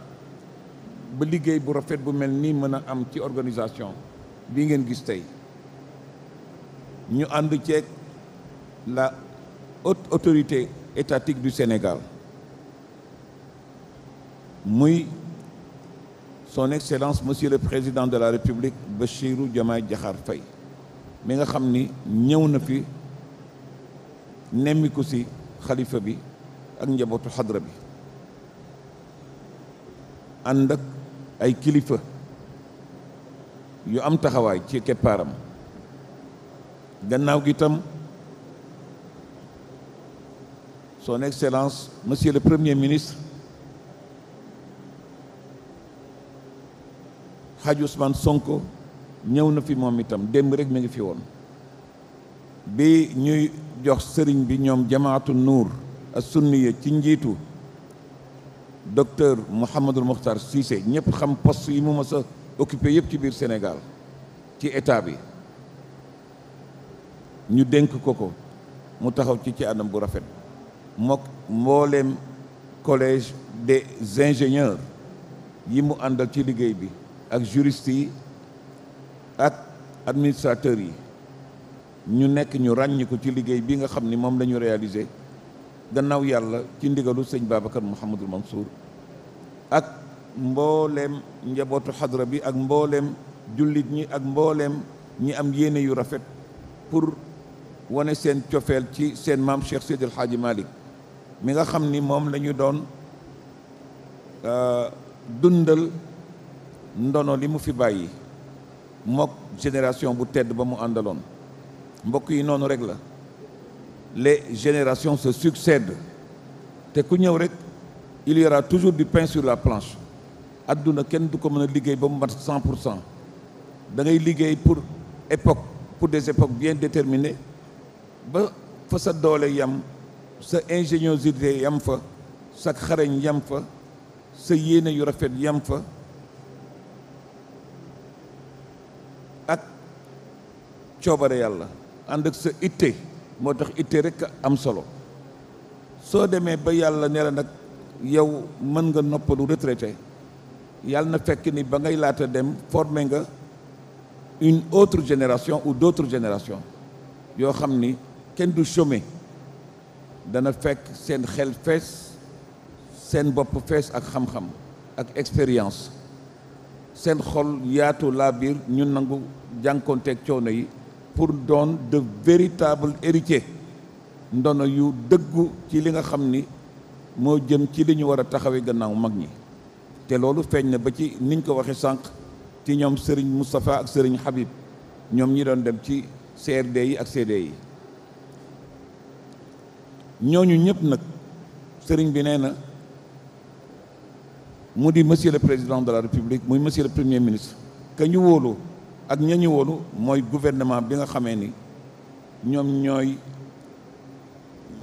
ba liggéey bu rafet bu mel nii mën a am ci organisation bi ngeen gis tey ñu ànd ceeg la haute autorité étatique du Sénégal muy son excellence monsieur le président de la république Bassirou jamaa jaxaar Faye mi nga xam ni ñëw na fi nemmiku ci xalifa bi ak njabootu xadra bi ànd ak ay kilifa yu am taxawaay ci keppaaram gannaaw gi tam son excellence monsieur le premier ministre Hadj Ousmane Sonko ñëw na fi moom itam démb rek mu ngi fi woon bi ñuy jox sëriñ bi ñoom jamaatu nuur ak sunniya ci njiitu docteur Mouhamadul Mokhtar Cissé ñëpp xam post yi mu mës a occupé yëpp ci biir Sénégal ci état bi ñu dénk ko ko mu taxaw ci ci anam bu rafet mook mbooleem collège de ingénieurs yi mu àndal ci liggéey bi ak juriste yi ak administrateurs yi ñu nekk ñu ràññiku ci liggéey bi nga xam ni moom la ñu réalisé gannaaw yàlla ci ndigalu sëñ Babacar Mouhamadul Mansour ak mbooleem njabootu xadra bi ak mbooleem jullit ñi ak mbooleem ñi am yéene yu rafet pour wane seen cofeel ci seen maam Cheikh Seydil Hadji Malick mi nga xam ni moom la ñu doon euh, dundal ndono li mu fi bàyyi mook génération bu tedd ba mu àndaloon mbokk yi noonu rek la les générations se succèdent te ku ñëw rek il y toujours du pain sur la planche adduna kenn du ko mën a liggéey ba mu mat cent pour cent da ngay liggéey pour époque pour des époques bien déterminées ba fa sa doole yam sa ingéniosité yam fa sa xarañ yam fa sa yéene yu rafet yam fa coobare yàlla ànd ak sa itte moo tax itte rek am solo soo demee ba yàlla ne nag yow mën nga noppalu retraité yàlla na fekk ni ba ngay laata dem formé nga une autre génération ou d'autres génération yoo xam ni kenn du chômer dana fekk seen xel fees seen bopp fees ak xam-xam ak expérience seen xol yaatu laa biir ñu nangu jànkoonteeg coono yi pour doon de véritable héritier ndono yu dëggu ci li nga xam ni moo jëm ci li ñu war a taxawee gannaaw mag ñi te loolu feeñ na ba ci niñ ko waxee sànq ci ñoom sëriñ Moustapha ak Serigne Habib ñoom ñi doon dem ci CRD yi ak CD yi ñooñu ñëpp nag Serigne bi nee na mu di monsieur le président de la république muy monsieur le premier ministre que ñu wóolu ak ñañu woonu mooy gouvernement bi nga xamee ni ñoom ñooy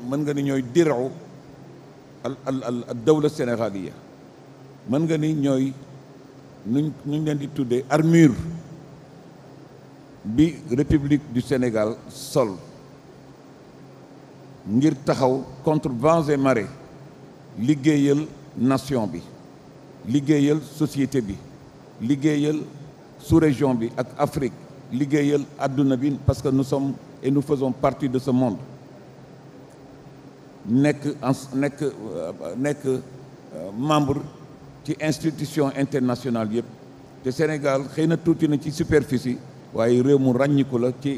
mën nga ni ñooy diraw al al al dawla sénégaliya mën nga ni ñooy nuñ nuñ leen di tuddee armure bi république du Sénégal sol ngir taxaw contre vents et marées liggéeyal nation bi liggéeyal société bi liggéeyal sous-région bi ak Afrique liggéeyal àdduna bi parce que nous sommes et nous faisons partie de ce monde nekk nekk euh, nekk euh, membre ci institution internationale yëpp te Sénégal xëy na tuuti na ci superficie waaye réew mu ràññiku la ci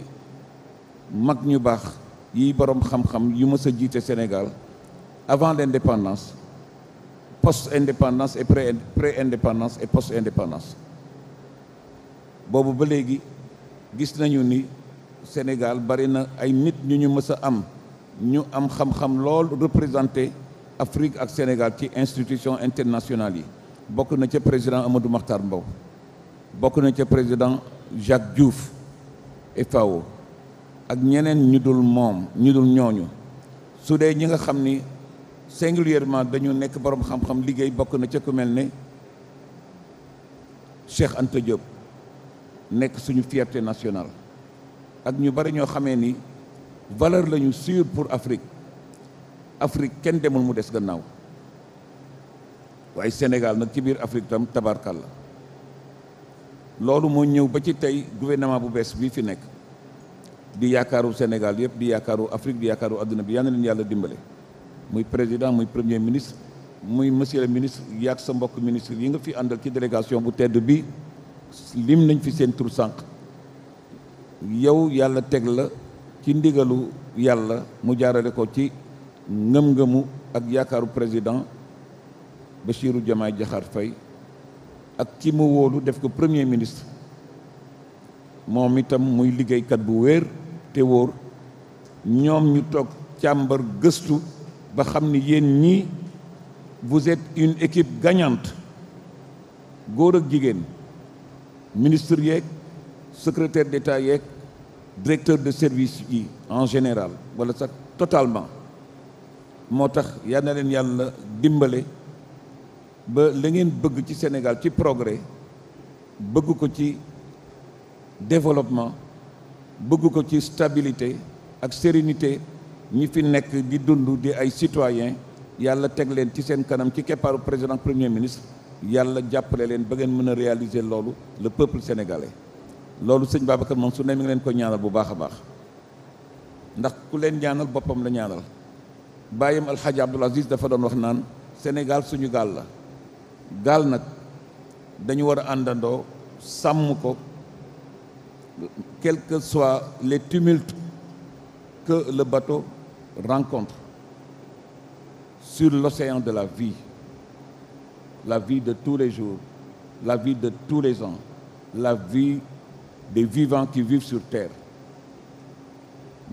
mag ñu baax yi borom xam-xam yu mës a jiite Sénégal avant l'indépendance post-indépendance et pré pré-indépendance et post-indépendance boobu ba léegi gis nañu ni Sénégal bari na ay nit ñu ñu mës a am ñu am xam-xam lool représenté Afrique ak Sénégal ci institution internationale yi bokk na ca président Amadou maxtar Mbow bokk na ca président Jacques Diouf FAO ak ñeneen ñu dul moom ñu dul ñooñu su dee ñi nga xam ni singulièrement dañu nekk borom xam-xam liggéey bokk na ca ku mel ne Cheikh Anta Diop nekk suñu fierté nationale ak ñu bari ñoo xamee ni valeur lañu sûre pour Afrique Afrique kenn demul mu des gannaaw waaye Sénégal nag ci biir Afrique tam tabarkal la loolu moo ñëw ba ci tey gouvernement bu bees bii fi nekk di yaakaaru Sénégal yëpp di yaakaaru Afrique di yaakaaru àdduna bi yal leen yàlla dimbale muy président muy premier ministre muy monsieur le ministre yaak sa mbokk ministre yi nga fi àndal ci délégation bu tedd bi lim nañ fi seen tur sànq yow yàlla teg la ci ndigalu yàlla mu jaarale ko ci ngëm-ngëmu ak yaakaaru président Bassirou Diomaye Diakhar Faye ak ki mu wóolu def ko premier ministre moom itam muy liggéeykat bu wér te wóor ñoom ñu toog càmbar gëstu ba xam ni yéen ñi vous êtes une équipe gagnante góor ak jigéen ministre yeeg secrétaire d'État yeeg directeur de service yi en général wala sax totalement moo tax yal na leen yàlla dimbale ba la ngeen bëgg ci Sénégal ci progrès bëgg ko ci développement bëgg ko ci stabilité ak sérénité ñi fi nekk di dundu di ay citoyens yàlla teg leen ci seen kanam ci keppaaru président premier ministre yàlla jàppale leen ba ngeen mën a réaliser loolu le peuple sénégalais loolu sëñ Babacar moom su ne mi ngi leen koy ñaanal bu baax baax ndax ku leen ñaanal boppam la ñaanal bàyyam alxaaji Abdoul Aziz dafa doon wax naan Sénégal suñu gaal la gaal nag dañu war a àndandoo sàmm ko quelque que les tumultes que le bateau rencontre sur l'océan de la vie la vie de tous les jours, la vie de tous les ans, la vie des vivants qui vivent sur terre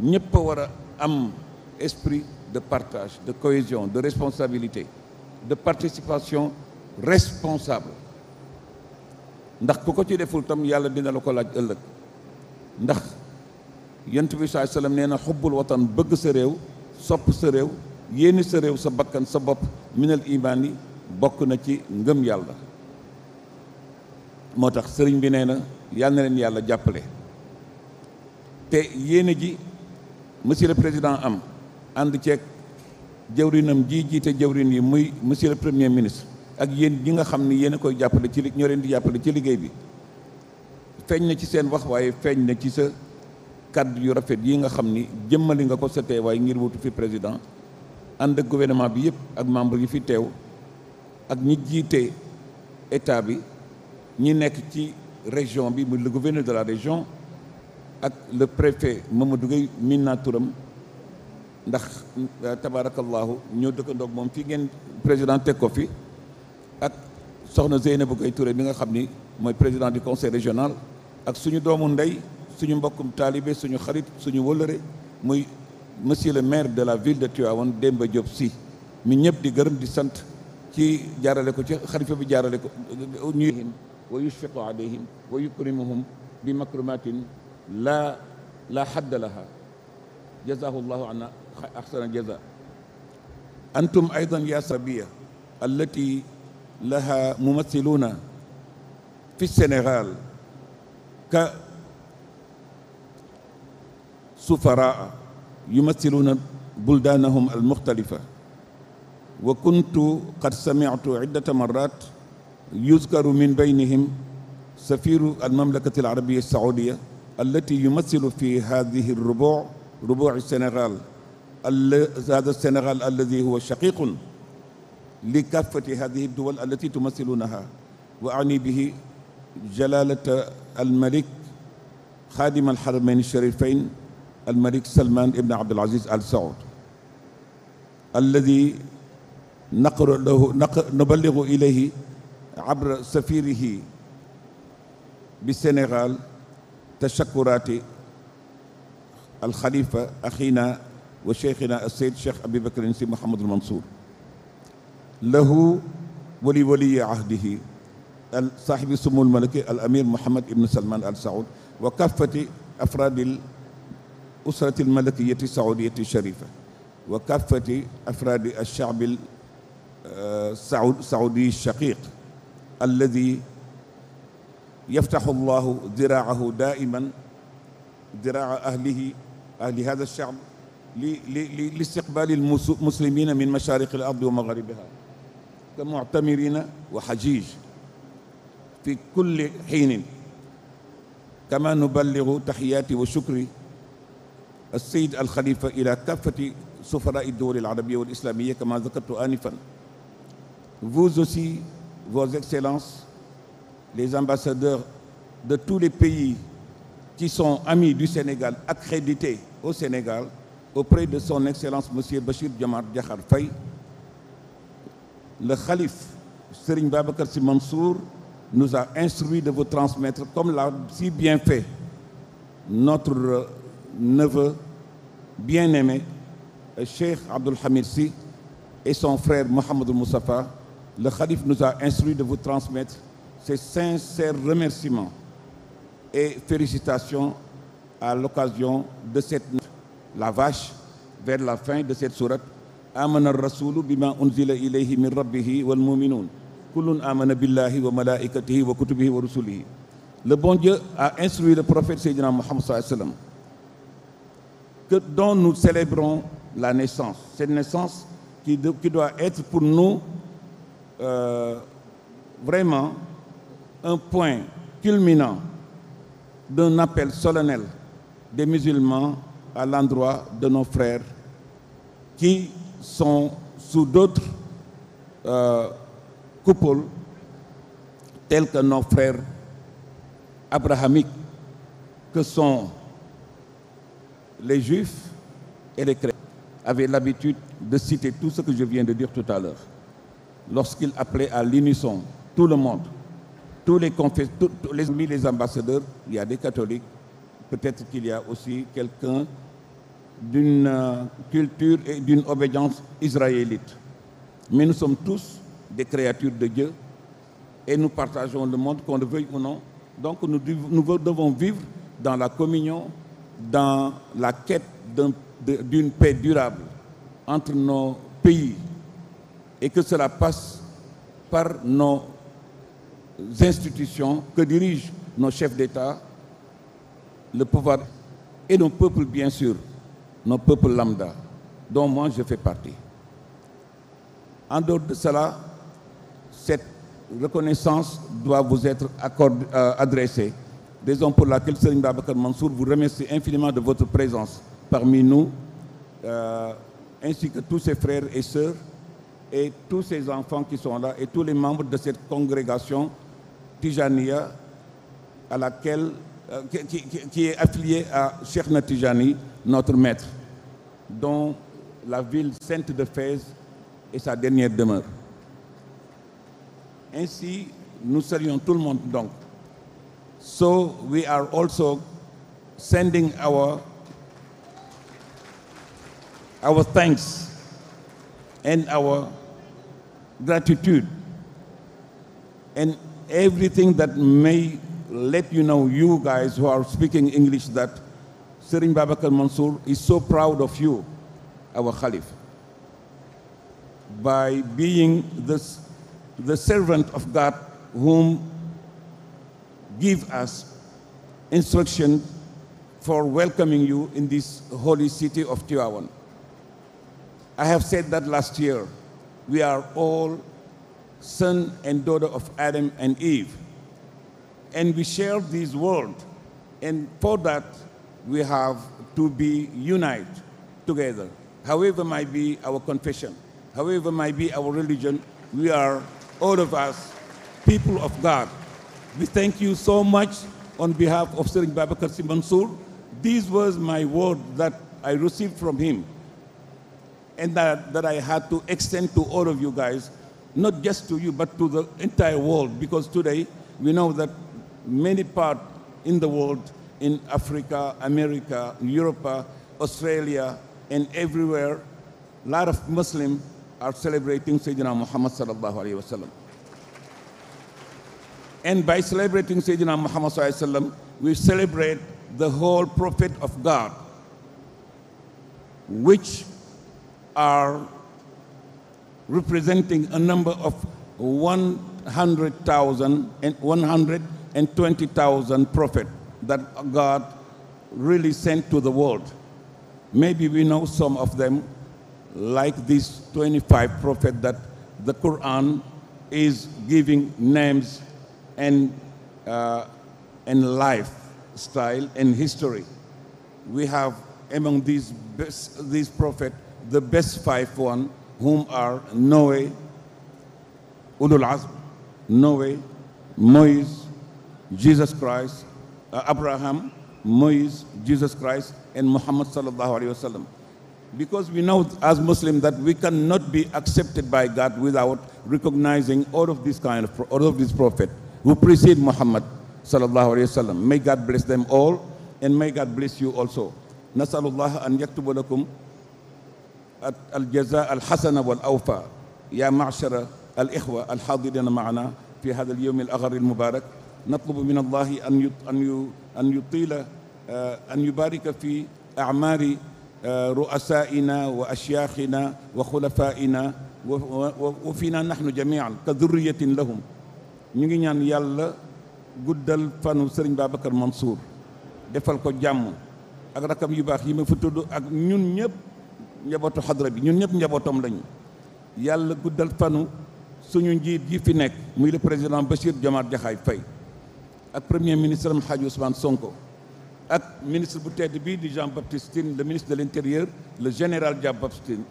ñëpp war a am esprit de partage de cohésion de responsabilité de participation responsable ndax ku ko ci deful tam yàlla dina la ko laaj ëllëg ndax yent bi saa sallam nee na xubbul watan bëgg sa réew sopp sa réew yéeni sa réew sa bakkan sa bopp minal imaan yi bokk na ci ngëm yàlla moo tax sëriñ bi nee na yàlla na leen yàlla jàppale te yéene ji monsieur le président am ànd ceeg jëwrinam ji jiite jëwrin yi muy monsieur le premier ministre ak yéen ñi nga xam ni yéen a koy jàppale ci ñoo leen di jàppale ci liggéey bi feeñ na ci seen wax waaye feeñ na ci sa kàddu yu rafet yi nga xam ni jëmmali nga ko sa waaye ngir wutu fi président ànd ak bi yëpp ak membre yi fi teew ak ñi jiite état bi ñi nekk ci région bi mu le gouverneur de la région ak le préfet Mamadou Gueye min naa turam ndax euh, tabaarakallaahu ñoo dëkkandoog moom fii ngeen président teg ko fi ak soxna Zeynabou Gueye Touré bi nga xam ni mooy président du conseil régional ak suñu doomu ndey suñu mbokkum taalibe suñu xarit suñu wëlëre muy monsieur le maire de la ville de Tivaouane Demba Diop si mi ñëpp di gërëm di sant ci jaarale ko ci xalifa bi jaarale ko ñuhim wa yushfiqu alayhim wa yukrimuhum bi makrumatin la la xadda laha jazahu llahu anna axsana jaza antum aydan ya sabiya allati laha mumathiluuna fi sénégal ka sufaraa yumathiluuna buldaanahum almuxtalifa wa kuntu qad sami'tu iddata marat yuzkaru min baynihim safiru almamlakati alarabiya alsaudiya allati yumassilu fi hadihi rubu rubu sénégal هذا السنغال الذي هو شقيق لكافة هذه الدول التي تمثلونها وأعني به جلالة الملك خادم الحرمين الشريفين الملك سلمان بن عبد العزيز آل سعود الذي naqru lahu nuballigu ilayhi abra safirihi bi Sénégal tashakuraati alxalifa axina wa cheikhina asseyd cheikh abi bakrin si Mouhamadul Mansour lahu wali waliyi ahdihi al saahibi sumul malaki al amir Mouhamad ibn Salman al Saoud wa kafati afraadil usrati al malakiyati saoudiyati sharifa wa kafati afraadi al shaabil saudi shaqiq alladi yaftaxu allahu diraahu daiman diraa ahlihi ahli hada alshab li li li istiqbaali almuslimina min mashaariqi alardi wa magharibiha ka muctamirina wa xajij fi kulli xiinin kama nuballigu taxiyaati wa shukri alsayid alxalifa ila kaafati sufaraa dowri alarabiya walislamiya kama zakartu anifan vous aussi, vos excellences, les ambassadeurs de tous les pays qui sont amis du Sénégal, accrédités au Sénégal, auprès de son Excellence Monsieur Bachir Diomaye Diakhar Faye, le calife Serigne Babacar Sy Mansour nous a instruit de vous transmettre, comme l'a si bien fait notre neveu bien-aimé, Cheikh Abdoul Hamid et son frère Mohamed Moustapha le Khalif nous a instruit de vous transmettre ses sincères remerciements et félicitations à l'occasion de cette la vache vers la fin de cette sourate amana ar-rasulu bima unzila ilayhi min rabbihi wal mu'minun kullun amana billahi wa malaikatihi wa kutubihi wa rusulihi le bon Dieu a instruit le prophète Sayyidina Muhammad sallallahu alayhi wa que dont nous célébrons la naissance qui doit être pour nous euh, vraiment un point culminant d'un appel solennel des musulmans à l'endroit de nos frères qui sont sous d'autres euh, coupoles tels que nos frères abrahamiques que sont les juifs et les chrétiens avaient l'habitude de citer tout ce que je viens de dire tout à l'heure. lorsqu'il appelait à l'unisson tout le monde, tous les confessions, tous, tous les, les ambassadeurs, il y a des catholiques, peut-être qu'il y a aussi quelqu'un d'une euh, et d'une obédience israélite. Mais nous sommes tous des créatures de Dieu et nous partageons le monde, qu'on le veuille ou non. Donc nous, nous devons vivre dans la communion, dans la quête d'une un, paix durable entre nos pays. et que cela passe par nos institutions que dirigent nos chefs d'État, le pouvoir et nos peuples, bien sûr, nos peuples lambda, dont moi je fais partie. En dehors de cela, cette reconnaissance doit vous être accordée, euh, adressée, raison pour laquelle Serigne Babacar Mansour vous remercie infiniment de votre présence parmi nous, euh, ainsi que tous ses frères et sœurs et tous ces enfants qui sont là et tous les membres de cette congrégation Tijania à laquelle euh, qui, qui, qui, est affiliée à Cheikhna Tijani, notre maître, dont la ville sainte de Fès est sa dernière demeure. Ainsi, nous saluons tout le monde donc. So we are also sending our our thanks and our gratitude and everything that may let you know, you guys who are speaking English, that Serin Babakar Mansour is so proud of you, our Khalif, by being the, the servant of God whom give us instruction for welcoming you in this holy city of Tiawan. I have said that last year. we are all son and daughter of Adam and Eve. And we share this world. And for that, we have to be united together. However might be our confession, however might be our religion, we are all of us people of God. We thank you so much on behalf of Sering Babakar Mansour. This was my word that I received from him. and that, that I had to extend to all of you guys, not just to you, but to the entire world, because today we know that many parts in the world, in Africa, America, Europe, Australia, and everywhere, a lot of Muslims are celebrating Sayyidina Muhammad sallallahu alayhi wasallam. And by celebrating Sayyidina Muhammad sallallahu alayhi wasallam, we celebrate the whole prophet of God, which are representing a number of 100,000 and 120,000 prophets that God really sent to the world. Maybe we know some of them, like these 25 prophets that the Quran is giving names and, uh, and lifestyle and history. We have among these, these prophets the best five one whom are Noé ulul azm Noé Moses Jesus Christ uh, Abraham Moses Jesus Christ and Muhammad sallallahu alayhi wa sallam because we know as Muslims that we cannot be accepted by God without recognizing all of these kind of all of these prophets who precede Muhammad sallallahu alayhi wa sallam may God bless them all and may God bless you also nasalullah an yaktuba lakum الجزاء الحسن والأوفى يا معشر الإخوة الحاضرين معنا في هذا اليوم الأغر المبارك نطلب من الله أن أن أن يطيل أن يبارك في أعمار رؤسائنا وأشياخنا وخلفائنا وفينا نحن جميعا كذرية لهم ñu ngi ñaan yàlla guddal fanu Serigne Babacar Mansour defal ko jàmm ak rakam yu baax yi ma fa tudd ak ñun ñëpp njabootu xadra bi ñun ñëpp njabootam lañu yàlla guddal fanu suñu njiit yi fi nekk muy le président Bassirou Diomaye Diakhar Faye ak premier ministre am Hadji Ousmane Sonko ak ministre bu tedd bii di Jean Baptiste Tine le ministre de l'intérieur le général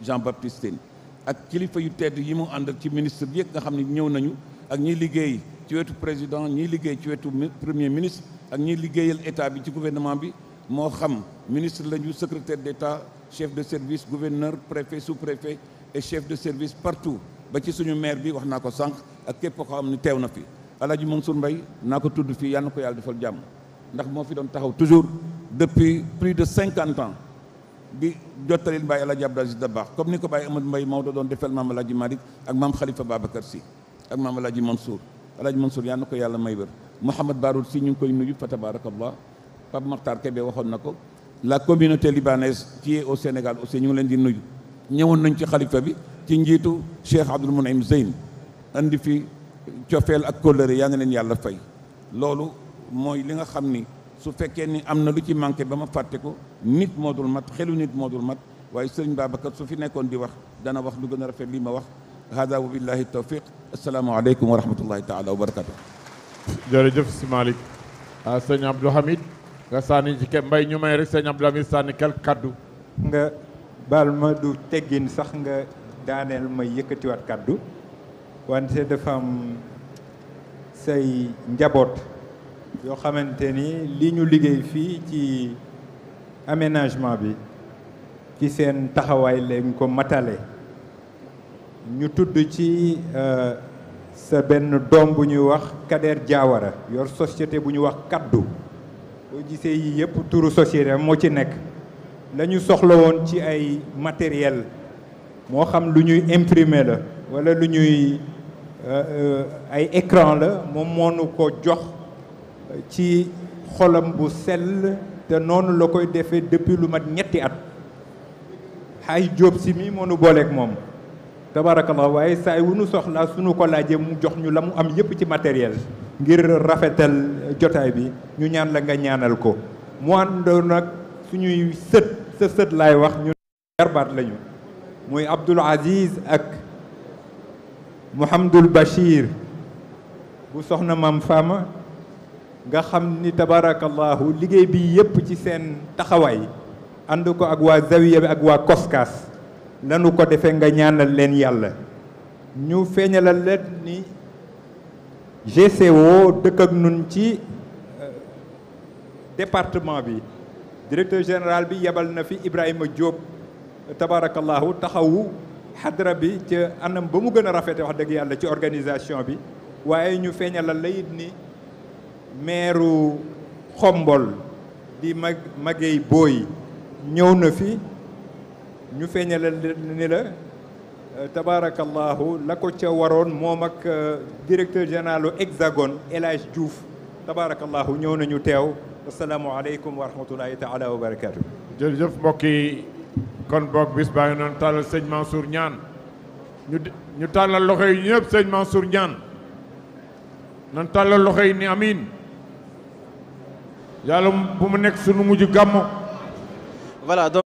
Jean Baptiste Tine ak kilifa yu tedd yi mu àndal ci ministre yëpp nga xam ne ñëw nañu ak ñiy liggéey ci wetu président ñiy liggéey ci wetu premier ministre ak ñiy liggéeyal état bi ci gouvernement bi moo xam ministre lañu secrétaire d'État chef de service gouverneur préfet sous-préfet et chef de service partout ba ci suñu maire bi wax naa ko sànq ak képp ko am ne teew na fi Alaaji Mansour mbay naa ko tudd fii yàlla na ko yàlla defal jàmm ndax moo fi doon taxaw toujours depuis plus de cinquante ans di jottalil Baye Alaaji Abdou Aziz baax comme ni ko Baye Amadou mbay Maodo doon defal maam Alaaji Malick ak maam Khalifa Babacar Sy ak maam Alaaji Mansour Alaaji Mansour yàlla na ko yàlla may wér Mouhamad Baroul Sy ñu ngi koy nuyu fa tabaarakallah Pape Makhtar Kébé waxoon na ko la communauté libanaise qui est au Sénégal aussi ñu ngi leen di nuyu ñëwoon nañ ci xalifa bi ci njiitu Cheikh Abdoul Mounim Zeyn andi fi cofeel ak kóllëre yaa nga leen yàlla fay loolu mooy li nga xam ni su fekkee ni am na lu ci manqué ba ma fàtte ko nit moo dul mat xelu nit moo dul mat waaye sëriñ Babacar su fi nekkoon di wax dana wax lu gën a rafet lii ma wax hada wa billahi tawfiq asalaamaaleykum wa rahmatullahi taala wa barakatu jërëjëf ah, si nga sànni ci ke mbay ñu may rek sëñ Abdou Aziz sànni kel kaddu nga baal ma du teggin sax nga daaneel may yëkkatiwaat kaddu wante dafa am say njaboot yoo xamante ni li ñu liggéey fii ci aménagement bi ci seen taxawaay lañ ko matale ñu tudd ci euh, sa benn doom bu ñuy wax Kader Diawara yor société bu ñuy wax kaddu boo gisee yii yëpp turu société moo ci nekk lañu soxla woon ci ay matériel moo xam lu ñuy imprimer la wala lu ñuy euh, euh, ay écran la moom moonu ko jox euh, ci xolam bu sell te noonu la koy defee depuis lu mat ñetti at xaay jóob si mi moonu booleeg moom tabarakallah waaye saay wu nu soxlaa suñu ko laajee mu jox ñu la mu am yëpp ci matériel ngir rafetal jotaay bi ñu ñaan la nga ñaanal ko mu àndoon nag suñuy sët sa sët laay wax ñu jarbaat lañu muy Abdoul Aziz ak Mouhamadul Bachir bu soxna maam Fama nga xam ni tabarakallahu liggéey bi yëpp ci seen taxawaay ànd ko ak waa zawiya bi ak waa koskaas lanu ko defee nga ñaanal leen yàlla ñu feeñalal leen ni GCO dëkk nun ci euh, département bi directeur général bi yebal na fi Ibrahima Diop tabarakallahu taxawu xadra bi ca anam ba mu gën a rafete wax dëgg yàlla ci organisation bi waaye ñu feeñalal la it ni meeru xombol di mag magey booy ñëw na fi ñu feeñalal ni la Euh, tabarakallahu la ko ca waroon moom ak euh, directeur général u Hexagone El Hadj Diouf tabarakallahu ñëw nañu teew asalaamualeykum wa rahmatullahi taala wa barakatu jërëjëf mbokk yi kon boog bis ngi noonu tàllal sëñ suur ñaan ñu ñu tàllal loxo yi ñëpp sëñ Mansour ñaan nan tàllal loxo yi ni amiin yàlla bu mu nekk sunu mujj gàmmo